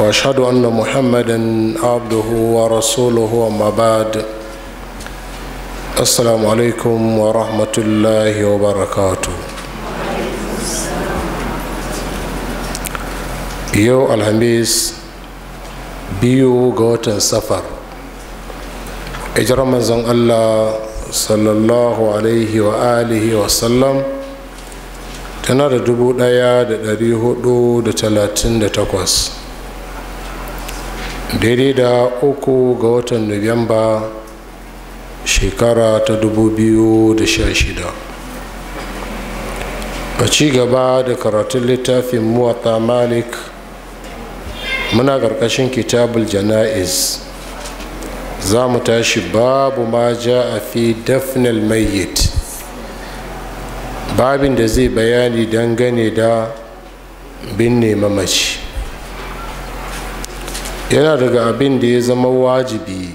واشهد ان محمدا عبده ورسوله اما بعد السلام عليكم ورحمه الله وبركاته yau alhamis biyu ga watan safar ijirar manzon allah sallallahu alaihi wa alihi wa sallam tana da dubu daya da dari hudu da talatin da takwas daidai da uku ga watan nuwamba shekara ta 2016 a ci gaba da karatun littafin muwatta malik muna karkashin kitabul jana'iz za mu tashi babu ma ja a fi dafnal mayyit babin da zai bayani dangane da binne mamaci yana daga abin da ya zama wajibi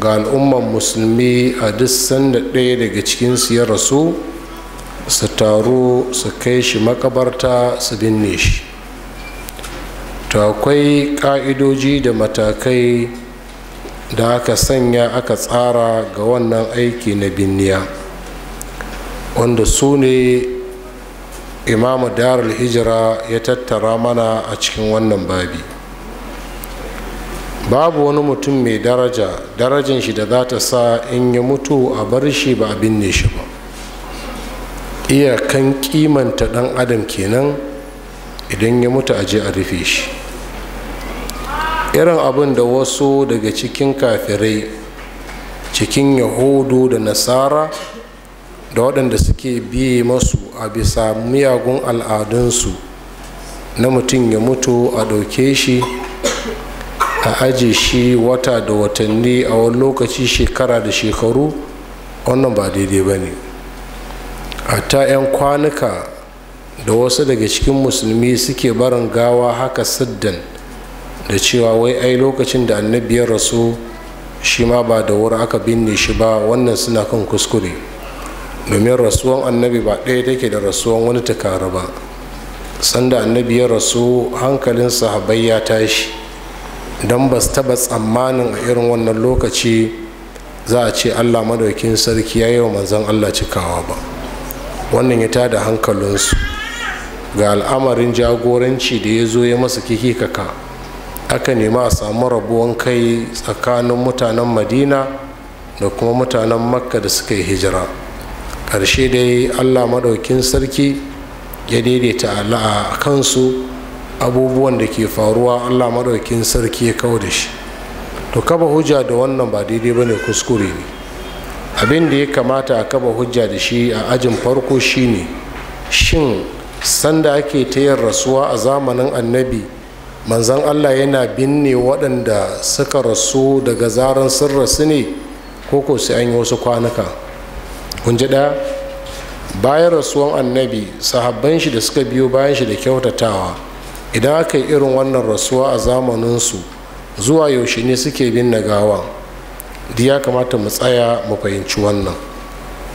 ga al'umman musulmi a duk sanda ɗaya daga cikinsu ya rasu su taru su kai shi makabarta su binne shi to akwai ƙa'idoji da matakai da aka sanya aka tsara ga wannan aiki na binniya wanda su ne imamu darul hijira ya tattara mana a cikin wannan babi babu wani mutum mai daraja darajan shi da za ta sa in ya mutu a bar shi ba a binne shi ba iyakan kimanta dan adam kenan idan ya mutu a aje a rufe shi irin abin da wasu daga cikin kafirai cikin yahudu da nasara da waɗanda suke biye masu a bisa miyagun al'adunsu na mutum ya mutu a ɗauke shi a aje shi wata da watanni a wani lokaci shekara da shekaru wannan ba daidai ba ne ta 'yan kwanuka da wasu daga cikin musulmi suke barin gawa haka saddan da cewa wai ai lokacin da annabi ya rasu shi ma ba da wuri aka binne shi ba wannan suna kan kuskure domin rasuwan annabi ba ɗaya take da rasuwan wani takara ba sanda annabi ya rasu hankalin sahabai ya tashi don ba su taba tsammanin a irin wannan lokaci za a ce allah madaukin sarki ya yi wa manzan allah cikawa ba wannan ya tada hankalinsu ga al'amarin jagoranci da ya zo ya masa kiki kaka aka nema a samu rabuwan kai tsakanin mutanen madina da kuma mutanen makka da suka yi hijira ƙarshe dai allah madaukin sarki ya daidaita a kansu abubuwan da ke faruwa allah maɗaukin sarki ya kawo da shi to kaba hujja da wannan ba daidai ba ne kuskure ne abin da ya kamata a kaba hujja da shi a ajin farko shine shin sanda ake ta yin rasuwa a zamanin annabi manzan allah yana binne waɗanda suka rasu daga zaran sun rasu ne ko ko sai an yi wasu kwanuka kun ji ɗaya bayan rasuwan annabi sahabban shi da suka biyo bayan shi da kyautatawa idan aka yi irin wannan rasuwa a zamaninsu zuwa yaushe ne suke bin na gawan da ya kamata mu tsaya mu fahimci wannan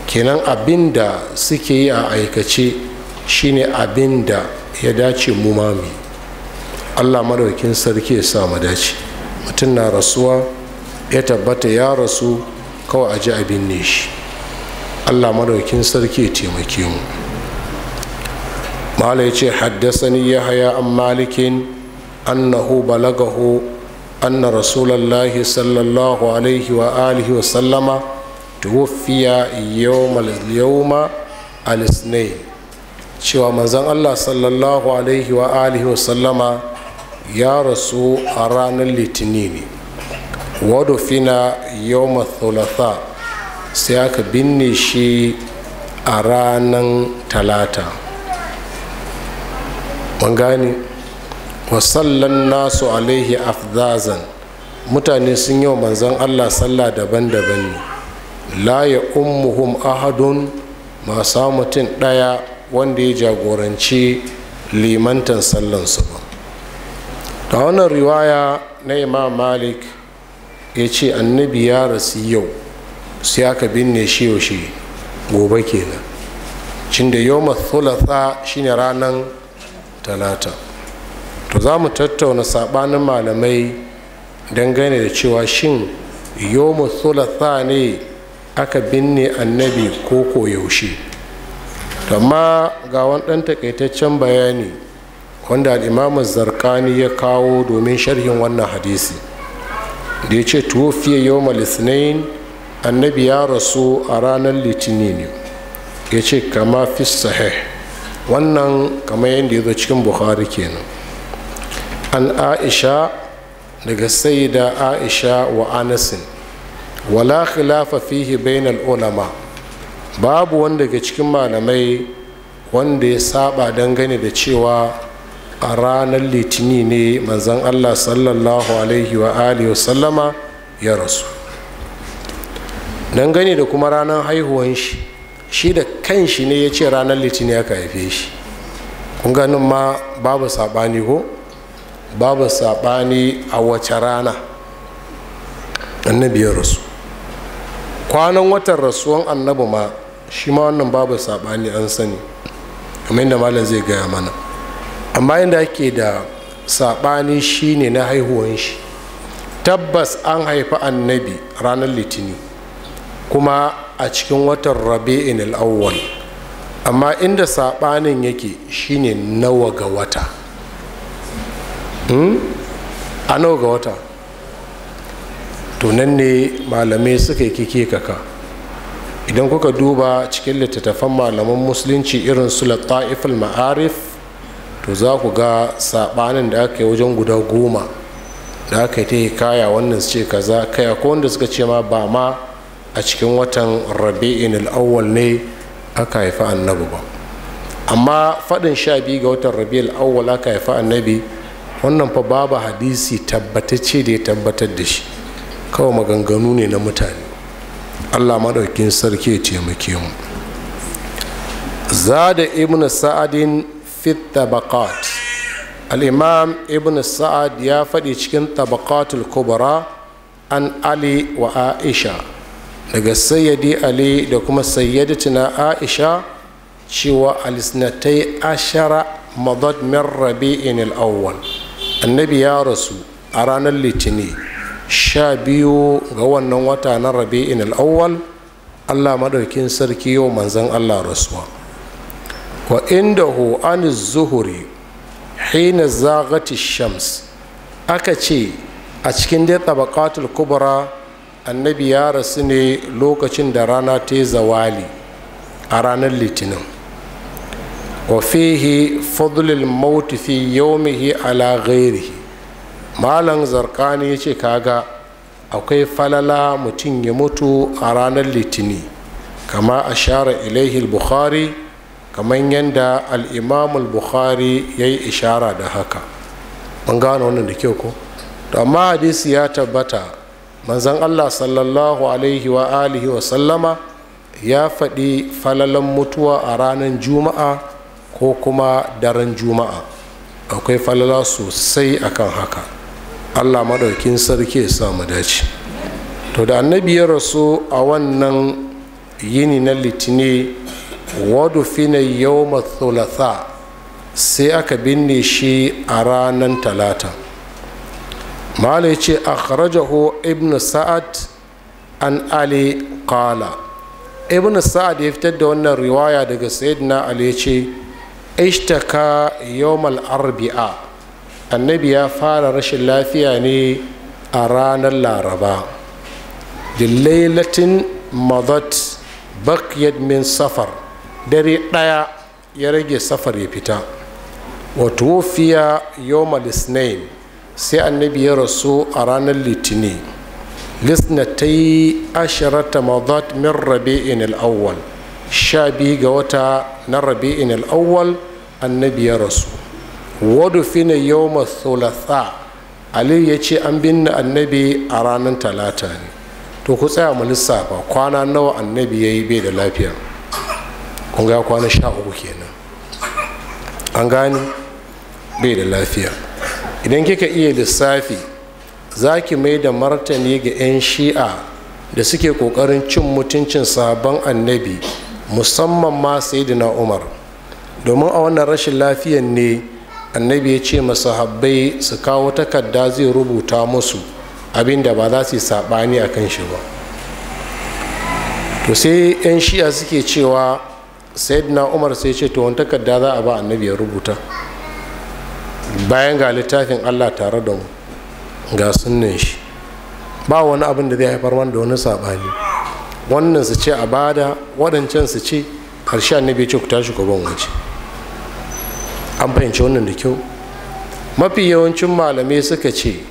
kenan abin da suke yi a aikace shine abin da ya dace mu mami allah madaukin sarki ya sa mu dace mutum na rasuwa ya tabbata ya rasu kawai a ji abin ne shi allah madaukin sarki ya taimake mu mala ya ce haddasani ya haya an malikin annahu balagahu anna rasulallahi sallallahu alaihi wa alihi wa sallama tuwaffiya yawma alisnai cewa mazan allah sallallahu alaihi wa alihi wa sallama ya rasu a ranar litini ne fina yawma thulatha sai aka binne shi a ranar talata man gane wasallan nasu alaihi afzazan mutane sun yi wa manzan allah sallah daban-daban ne la ya ummuhum ahadun masu mutum ɗaya wanda ya jagoranci limantan su ba ta wannan riwaya na imam malik ya ce annabi ya rasu yau sai aka binne shi yaushe gobe kenan cin da yau mathulatha shine ranar talata to za mu tattauna saɓanin malamai dangane da cewa shin yomu thulatha ne aka binne annabi ko koyaushe amma ga wani ɗan takaitaccen bayani wanda al'imamu zarkani ya kawo domin sharhin wannan hadisi da ya ce tuwofiye yawon litinin annabi ya rasu a ranar litinin ne ya ce kama fi sahih wannan kamar yadda ya zo cikin buhari kenan an aisha daga saida aisha wa anasin wala khilafa fihi bainal ulama babu wanda daga cikin malamai wanda ya saba dangane da cewa a ranar litini ne manzan allah sallallahu alaihi wa alihi sallama ya rasu dangane da kuma ranar haihuwan shi shi da kanshi ne ya ce ranar litinin aka haife shi kun ganin ma babu saɓani ko babu saɓani a wace rana annabi ya rasu kwanan watan rasuwan annabi ma shi ma wannan babu saɓani an sani kamar yadda malam zai gaya mana amma yadda ake da saɓani ne na haihuwan shi tabbas an haifi annabi ranar litini kuma a cikin watan rabi'in al'awwal amma inda saɓanin yake shine nawa ga wata hmm? a nawa ga wata tunan ne malamai suka yi kike kaka idan kuka duba cikin littattafan malaman musulunci irin su ta'iful ma'arif to za ku ga saɓanin da aka yi wajen guda goma da aka yi ta kaya wannan su ce kaza kaya ko wanda suka ce ma ba ma a cikin watan rabi'in al'awwal ne aka haifi annabi ba amma faɗin sha biyu ga watan rabi'in al'awwal aka haifi annabi wannan fa babu hadisi tabbatacce da ya tabbatar da shi kawai maganganu ne na mutane allah maɗaukin sarki ya taimake mu zada ibn sa'adin fit tabaqat al-imam ibn sa'ad ya faɗi cikin tabaqatul kubra an ali wa aisha daga sayyadi ali da kuma sayyadatuna aisha cewa alisnatai ashara madad min rabi'in al-awwal annabi ya rasu a ranar litini sha biyu ga wannan wata na rabi'in al-awwal allah madaukin sarki yau manzan allah rasuwa wa hu an zuhuri hina zagati shams aka ce a cikin dai tabakatul kubra annabi ya rasu ne lokacin da rana ta zawali a ranar litinin wafihi fadlil mauti fi yaumihi ala ghairihi malam zarkani ya ce kaga akwai falala mutum ya mutu a ranar litini kama a share ilaihi bukhari kamar yadda al'imamul bukhari ya yi ishara da haka an gano wannan da kyau ko amma hadisi ya tabbata Manzan allah sallallahu alaihi wa alihi wa sallama ya faɗi falalan mutuwa a ranar juma'a ko kuma daren juma'a akwai falala sosai akan haka allah maɗaukin sarki ya samu dace to da annabi ya rasu a wannan yini na litini wadu fina yau sai aka binne shi a ranar talata malai ce a akhrajahu ibn sa'ad an ali qala ibn sa'ad ya fitar da wannan riwaya daga sayyidina ali ya ce ishtaka yawmal arbi'a annabi ya fara rashin lafiya ne a ranar laraba dillailatin madat bak min safar dare ɗaya ya rage safar ya fita wato fiya yawmal isnain sai annabi ya rasu a ranar litini lisnatai ashirata mazat min rabi'in al'awwal sha biyu ga wata na rabi'in al'awwal annabi ya rasu wadu fina yawma thulatha aliyu ya ce an binne annabi a ranar talata ne to ku tsaya mu lissafa kwana nawa annabi ya yi bai da lafiya kun ga kwana sha uku kenan an gani bai da lafiya idan kika iya lissafi za ki mai da martani ga 'yan shi'a da suke kokarin cin mutuncin sabon annabi musamman ma na umar domin a wannan rashin lafiyan ne annabi ya ce masu masahabbai su kawo takarda zai rubuta musu abinda ba za su yi saɓani a kan shi ba to sai 'yan shi'a suke cewa na umar sai ce to wani takarda za a ba annabi ya rubuta bayan ga littafin allah tare da mu ga sunan shi ba wani abin da zai haifar wanda wani saɓani wannan su ce a bada waɗancan su ce harshe annabi ce ku tashi ku ban waje an fahimci wannan da kyau mafi yawancin malamai suka ce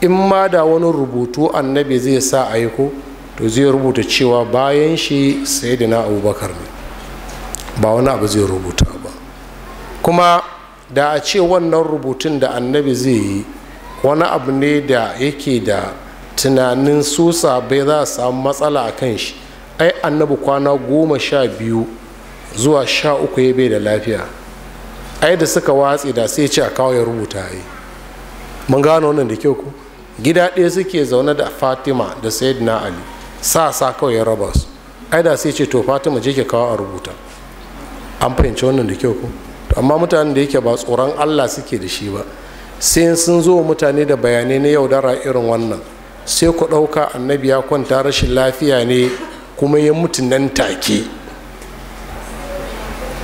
in ma da wani rubutu annabi zai sa aiko to zai rubuta cewa bayan shi sai da na abubakar ne ba wani abu zai rubuta ba kuma da a ce wannan rubutun da annabi zai yi wani abu ne da yake da tunanin susa bai za a samu matsala a kan shi ai annabi kwana goma sha biyu zuwa sha uku ya bai da lafiya ai da suka watse da sai ce a kawo ya rubuta yi mun gano wannan da kyau ku gida ɗaya suke zaune da fatima da sayyidina ali sa sa kawai ya raba su ai da sai ce to fatima je ke kawo a rubuta an fahimci wannan da kyau ku amma mutanen da yake ba tsoron allah suke da shi ba sai sun zo mutane da bayanai na yau dara irin wannan sai ku ɗauka annabi ya kwanta rashin lafiya ne kuma ya mutu nan take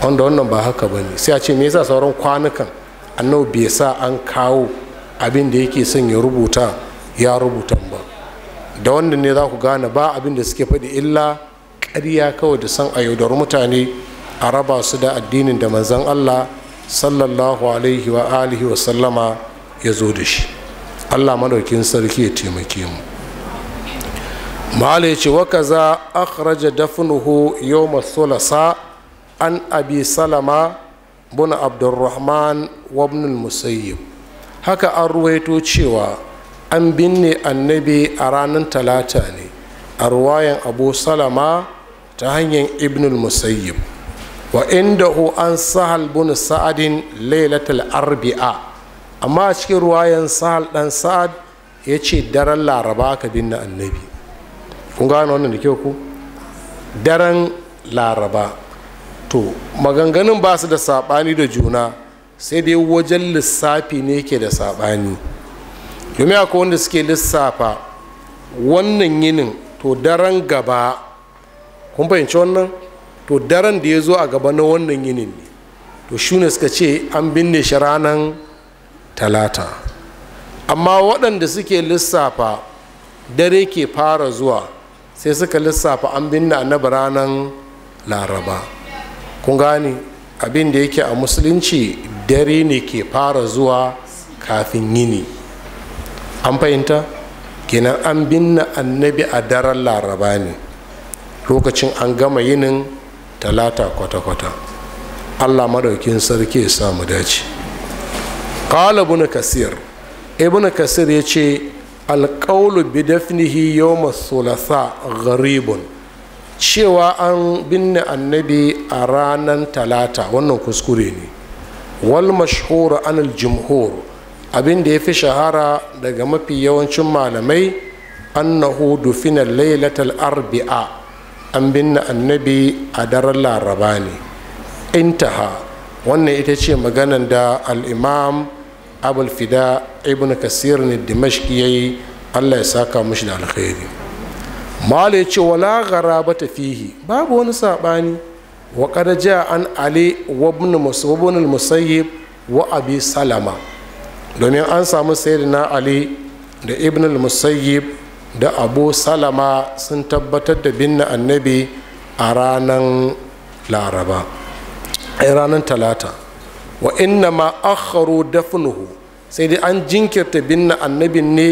wanda wannan ba haka ba ne sai a ce me yasa sauran kwanukan annabi bai sa an kawo abin da yake son ya rubuta ya rubuta ba da wannan ne za ku gane ba abin da suke faɗi illa ƙarya kawai da san a yaudar mutane a raba su da addinin da manzan allah sallallahu alaihi wa alihi wa sallama ya zo da shi allah madaukin sarki ya taimake mu Malai ce waka za akhraja dafnuhu yawma thulasa an abi salama bin abdurrahman wa musayyib haka an ruwaito cewa an binne annabi a ranar talata ne a ruwayan abu salama ta hanyar ibnul musayyib wa inda an sahal bin sa'adin lailatul arbi'a amma a cikin ruwayan sahal dan sa'ad ya ce daren laraba ka binne annabi kun gano wannan da kyau ku daren laraba to maganganun ba su da saɓani da juna sai dai wajen lissafi ne ke da saɓani domin akwai wanda suke lissafa wannan yinin to daren gaba kun fahimci wannan to daren da ya zo a gaba na wannan yinin ne to shune suka ce an binne shi ranar talata amma waɗanda suke lissafa dare ke fara zuwa sai suka lissafa an binne annabi ranar laraba kun gane abin da yake a musulunci dare ne ke fara zuwa kafin yini an fahimta kenan an binne annabi a daren laraba ne lokacin an gama yinin talata kwata-kwata allah maɗaukin sarki ya samu dace ƙala ibn kasir ibn kasir ya ce alƙaulu bi dafnihi yawma thulatha gharibun cewa an binne annabi a ranar talata wannan kuskure ne wal mashhur an al jumhur abin ya fi shahara daga mafi yawancin malamai an annahu dufina lailatal arbi'a an binne annabi a daren laraba ne intaha wannan ita ce maganan da al'imam abulfida ibn kasir ne dimashki ya yi allah ya saka mushi da alkhairi mala ya ce wala gara ba ta fihi babu wani saɓani wa ja an ali wa wabin musayyib wa abi salama domin an samu sayyidina ali da ibn musayyib da abu salama sun tabbatar da binne annabi a ranar laraba a ranar talata wa inna ma akharu dafnuhu sai dai an jinkirta binne annabin ne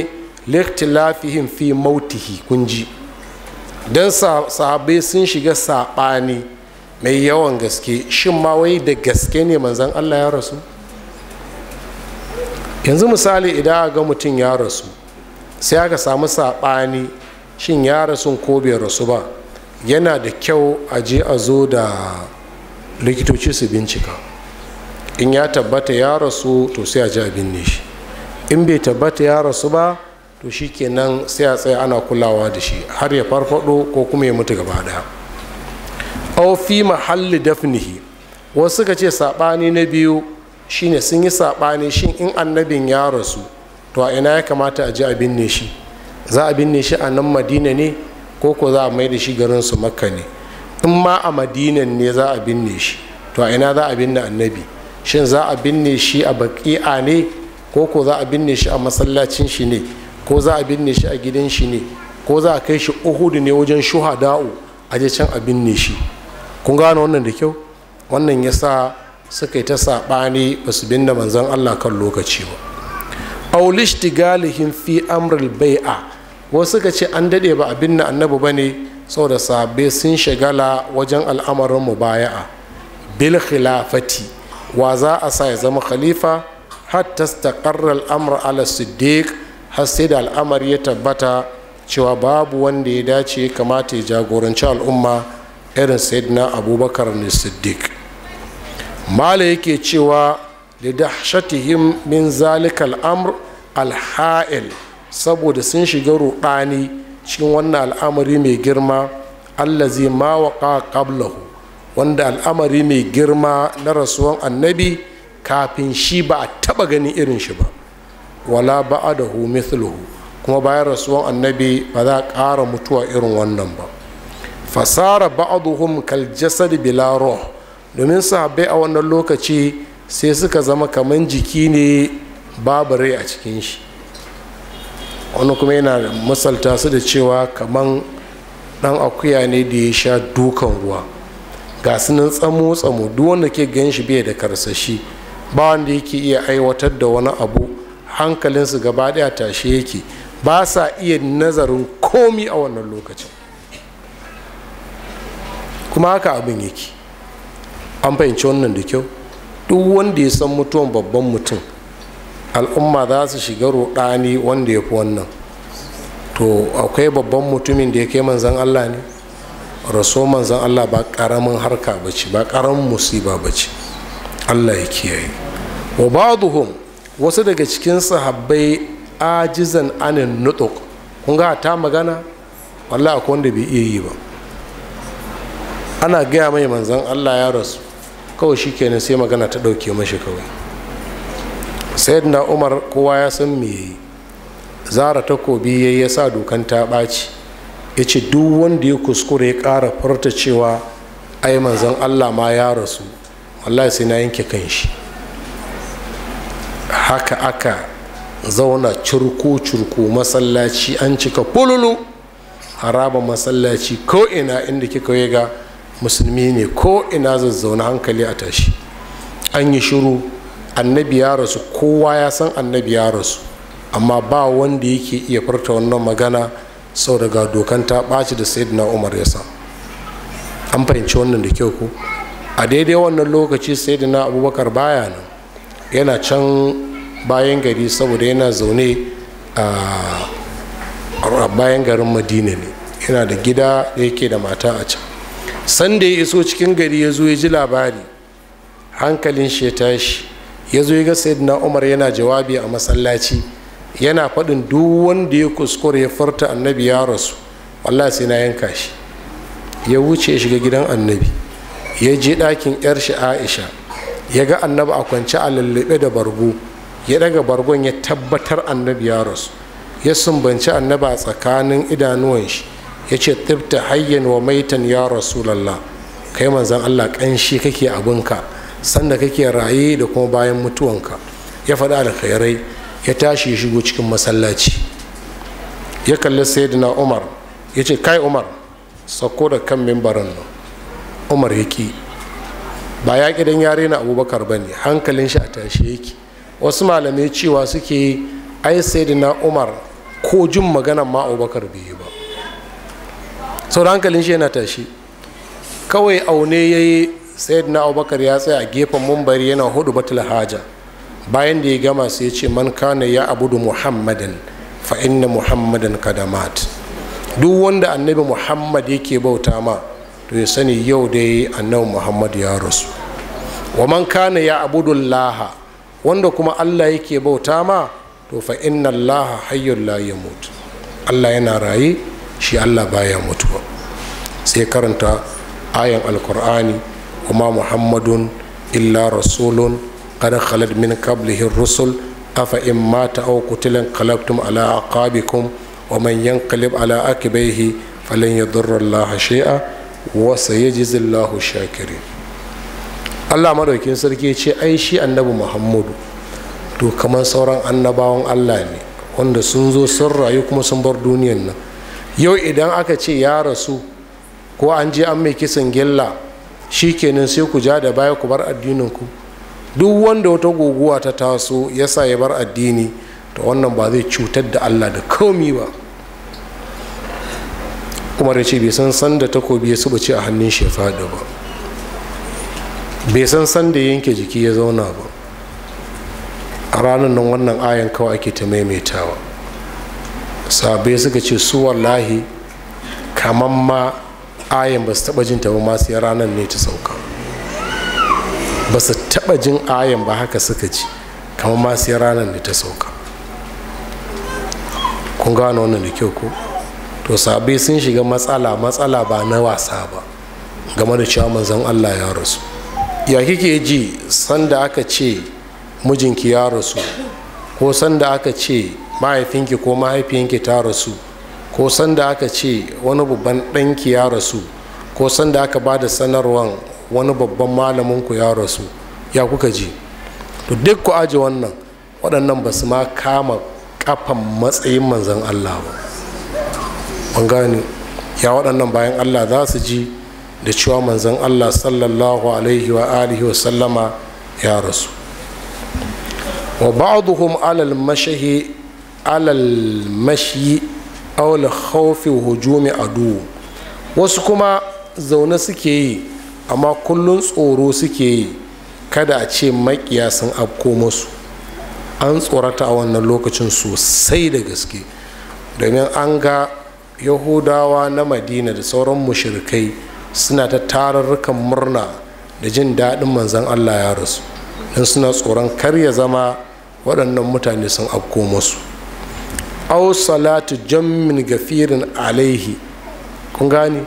liktilafihim fi mautihi kunji don sahabai sun shiga saɓani mai yawan gaske shin ma wai da gaske ne manzan allah ya rasu yanzu misali idan ga mutum ya rasu sai aka samu saɓani shin ya rasu ko bai rasu ba yana da kyau a je a zo da likitoci su bincika in ya tabbata ya rasu to sai a ji abin binne shi in bai tabbata ya rasu ba to shi kenan sai a tsaya ana kulawa da shi har ya farfado ko kuma ya mutu gaba daya au fi mahalli dafnihi wasu ka ce saɓani na biyu shine sun yi saɓani shin in annabin ya rasu to a ina ya kamata a ji a binne shi za a binne shi a nan madina ne ko ko za a mai da shi garin su makka ne in ma a madina ne za a binne shi to a ina za a binne annabi shin za a binne shi a baki'a ne ko ko za a binne shi a masallacin shi ne ko za a binne shi a gidan shi ne ko za a kai shi uhudu ne wajen shuhada'u a je can a binne shi kun gane wannan da kyau wannan yasa suka yi ta saɓani ba su binne manzon allah kan lokaci ba aulishtigalihim fi amril bai'a wasu ka ce an daɗe ba abin na annabi ba ne saboda sabe sun shagala wajen al'amarin mubaya'a bil khilafati wa za a sa ya zama khalifa hatta staqarra al'amr ala siddiq har sai da al'amar ya tabbata cewa babu wanda ya dace kamata ya jagoranci al'umma irin sayyidina abubakar ne siddiq mala yake cewa lidahshatihim min zalikal amr alha'il saboda sun shiga ruɗani cikin wannan al'amari mai girma allazi ma waqa qablahu wanda al'amari mai girma na rasuwan annabi kafin shi ba a taba ganin irin shi ba wala ba'adahu mithluhu kuma bayan rasuwan annabi ba za a ƙara mutuwa irin wannan ba fasara ba'aduhum kal jasad bila roh domin sahabbai a wannan lokaci sai suka zama kamar jiki ne babu rai a cikin shi wani kuma yana masalta su da cewa kamar dan akuya ne da ya sha dukan ruwa ga sunan tsamo tsamo duk wanda ke gan shi bai da karsashi ba wanda yake iya aiwatar da wani abu hankalinsu gaba daya tashe yake ba sa iya nazarin komi a wannan lokacin kuma haka abin yake an fahimci wannan da kyau duk wanda ya san mutuwan babban mutum al'umma za su shiga ruɗani wanda ya fi wannan to akwai babban mutumin da ya kai manzan allah ne raso manzan allah ba ƙaramin harka ba ce ba ƙaramin musiba ba ce allah ya kiyaye wa ba'dhum wasu daga cikin sahabbai ajizan anin nutuk kun ga ta magana wallahi akwai wanda bai iya yi ba ana gaya mai manzan allah ya rasu kawai shi kenan sai magana ta ɗauke mashi kawai sayid na umar kowa ya san me yi zara takobi ya ya sa dokan ta ɓaci ya ce duk wanda ya kuskure ya ƙara furta cewa ai manzan allah ma ya rasu wallahi sai na yanke kan shi haka aka zauna curko-curko masallaci an cika fululu haraba masallaci ko ina inda kika yi ga musulmi ne ko ina zazzauna hankali a tashi an yi shiru annabi ya rasu kowa ya san annabi ya rasu amma ba wanda yake iya furta wannan magana sau daga dokan ta ɓaci da sayyidina umar ya sa an fahimci wannan da kyau ko a daidai wannan lokaci sayyidina abubakar baya nan yana can bayan gari saboda yana zaune a bayan garin madina ne yana da gida da yake da mata a can sanda ya iso cikin gari ya zo ya ji labari hankalin shi ya tashi ya zo ya ga sayyidina umar yana jawabi a masallaci yana faɗin duk wanda ya kuskure ya furta annabi ya rasu wallah sai na yanka shi ya wuce ya shiga gidan annabi ya je ɗakin yar shi aisha ya ga annabi a kwance a lallaɓe da bargo ya daga bargon ya tabbatar annabi ya rasu ya sumbanci annabi a tsakanin idanuwan shi ya ce tibta hayyan wa maitan ya rasulallah kai manzan allah ƙanshi kake abinka sanda kake raye da kuma bayan mutuwanka ya faɗa alkhairai ya tashi ya shigo cikin masallaci ya kalli sayyidina umar ya ce kai umar sako da kan mimbarin nan umar ya ki ba ya ƙi don yare na abubakar ba ne hankalin shi a tashi ya yake wasu malamai cewa suke ai sayyidina umar ko jin maganan ma abubakar bai yi ba sau hankalin shi yana tashi kawai aune ya yi na abubakar ya tsaya a gefen mumbari yana hudu batul haja bayan da ya gama sai ya ce man kana ya abudu muhammadan fa inna muhammadan kadamat duk wanda annabi muhammad yake bauta ma to ya sani yau dai annabi muhammad ya rasu wa man kana ya abudu laha wanda kuma allah yake bauta ma to fa inna laha hayyun la yamut allah yana raye shi allah baya mutuwa sai karanta ayan alkur'ani kuma muhammadun illa rasulun kada khalad min qablihi rusul afa in mata aw qutilan qalabtum ala aqabikum wa man yanqalib ala akibaihi falan yadurra allah shay'a wa sayajzi allah shakirin allah madaukin sarki ce ai shi annabi muhammadu to kamar sauran annabawan allah ne wanda sun zo sun rayu kuma sun bar duniyar nan yau idan aka ce ya rasu ko an je an mai kisan gilla shi kenan sai ku ja da baya ku bar addininku duk wanda wata guguwa ta taso ya sa ya bar addini ta wannan ba zai cutar da allah da komi ba kuma da ce bai san sanda takobi ya ce a hannun shi ya fada ba bai san sanda yanke jiki ya zauna ba a ranar nan wannan ayan kawai ake ta maimaitawa sabe suka ce su wallahi kamar ma ayan ba su taɓa jin ta ba masu ranar ne ta sauka ba su taɓa jin ayan ba haka suka ce kamar ma sai ranar ne ta sauka kun gano wannan da kyau ko to sahabai sun shiga matsala matsala ba na wasa ba game da cewa manzon allah ya rasu ya kike ji sanda aka ce mijinki ya rasu ko sanda aka ce mahaifinki ko mahaifiyanki ta rasu ko sanda aka ce wani babban ɗanki ya rasu ko sanda aka ba da sanarwan wani babban malaminku ya rasu ya kuka ji to duk ku aji wannan waɗannan ba su ma kama kafan matsayin manzan allah ba an gane ya waɗannan bayan allah za su ji da cewa manzan allah sallallahu alaihi wa alihi wa sallama ya rasu wa ba'duhum alal mashahi alal mashi aula haufi hujumi adu wasu kuma zaune suke yi amma kullum tsoro suke yi kada a ce makiya sun afko musu an tsorata a wannan lokacin sosai da gaske domin an ga yahudawa na madina da sauran mushirikai suna ta tararrukan murna da jin daɗin manzan allah ya rasu don suna tsoron kar ya zama waɗannan mutane sun afko musu au salatu jammin gafirin alaihi kun gane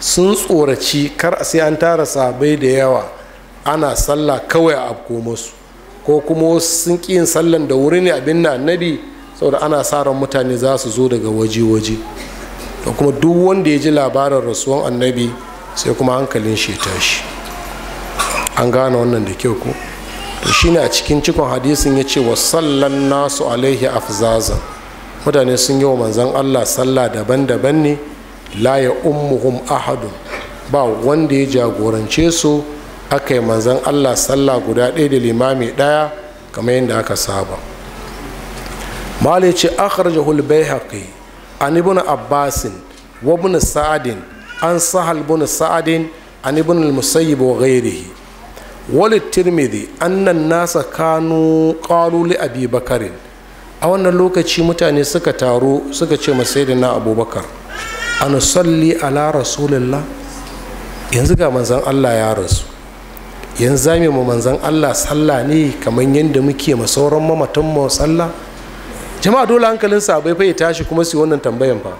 sun tsoraci kar sai an tara sabai da yawa ana sallah kawai a afko ko kuma sun ƙi yin sallan da wuri ne abin na annabi saboda ana sa ran mutane za su zo daga waje-waje da kuma duk wanda ya ji labarin rasuwan annabi sai kuma hankalin shi tashi an gane wannan da kyau ko to shine a cikin cikon hadisin ya ce wa sallan nasu alaihi afzazan mutane sun yi wa manzan allah sallah daban-daban ne la ya ummuhum ahadun ba wanda ya jagorance su aka yi manzan allah sallah guda ɗaya da limami ɗaya kamar yadda aka saba malai ce akhrajahu bai haƙi an bin abbasin wa bin sa'adin an sahal bin sa'adin an bin al-musayyib wa ghayrihi wal tirmidhi nasa kanu qalu li bakarin a wannan lokaci mutane suka taro suka ce masaidina abubakar an salli ala rasulillah yanzu ga manzan allah ya rasu yanzu za mu manzan allah sallah ne kamar yadda muke ma sauran mamatan mu sallah jama'a dole hankalin sabai fa ya tashi kuma su wannan tambayan fa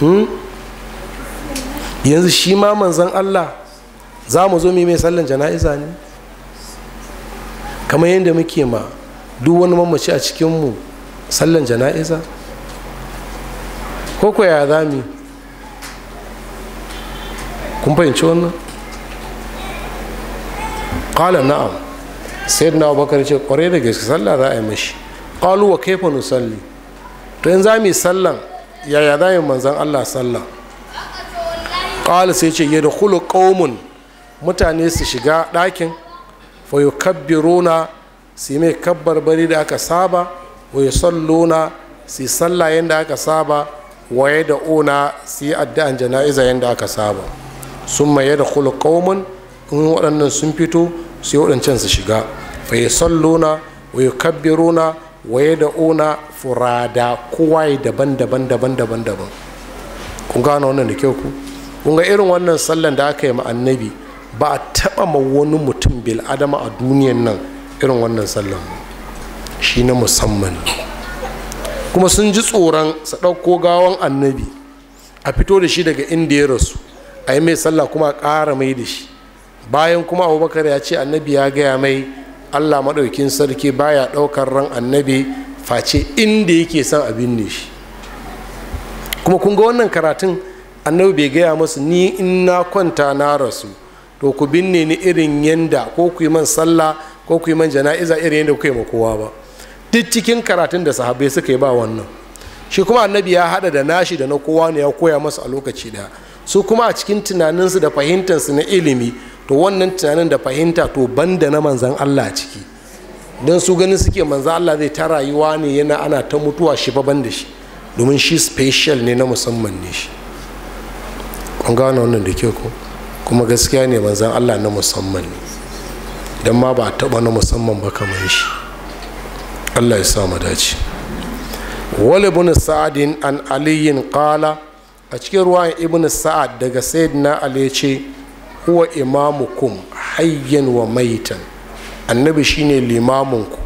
hmm? yanzu shi ma manzan allah za mu zo mai sallan jana'iza ne kamar yadda muke ma duk wani mamaci a cikinmu sallan jana'iza ko ko ya zami kun fahimci wannan qala na'am sai sayyidina abubakar ce kwarai da gaske sallah za a yi mashi qalu wa kaifa nusalli to in za sallan yaya za mu manzan Allah sallan, qala sai ce yadkhulu qaumun mutane su shiga ɗakin fa yukabbiruna su mai kabbar bari da aka saba wa ya salluna su salla yadda aka saba wa ya una su yi addu'an jana'iza yadda aka saba sun maye da kula kaumun in waɗannan sun fito su yi waɗancan su shiga fa ya salluna wa ya kabbiruna wa ya da'una furada kowa ya daban daban daban daban daban kun gano wannan da kyau ku kun ga irin wannan sallan da aka yi ma annabi ba a taɓa ma wani mutum bil adama a duniyan nan irin wannan sallan shi na musamman kuma sun ji tsoron su ɗauko gawan annabi a fito da shi daga inda ya rasu a yi mai sallah kuma a ƙara mai da shi bayan kuma abubakar ya ce annabi ya gaya mai allah maɗaukin sarki baya ɗaukar ran annabi face inda yake son abin ne shi kuma kun ga wannan karatun annabi bai gaya masu ni in na kwanta na rasu to ku binne ni irin yanda ko ku yi man sallah ko ku yi man jana'iza irin yadda kuka yi kowa ba duk cikin karatun da sahabbai suka yi ba wannan shi kuma annabi ya haɗa da nashi da na kowa ne ya koya masu a lokaci daya su kuma a cikin tunaninsu da fahimtarsu na ilimi to wannan tunanin da fahimta to ban da na manzan Allah ciki don su ganin suke manzan Allah zai ta rayuwa ne yana ana ta mutuwa shi fa da shi domin shi special ne na musamman ne shi kun gane wannan da ke ko kuma gaskiya ne manzan Allah na musamman ne idan ma ba taɓa na musamman ba kamar shi allah ya sa mu dace wale ibn sa'adin an aliyin qala a cikin ruwan ibn sa'ad daga sayyidina ali ce huwa imamukum hayyan wa maitan annabi shine limamunku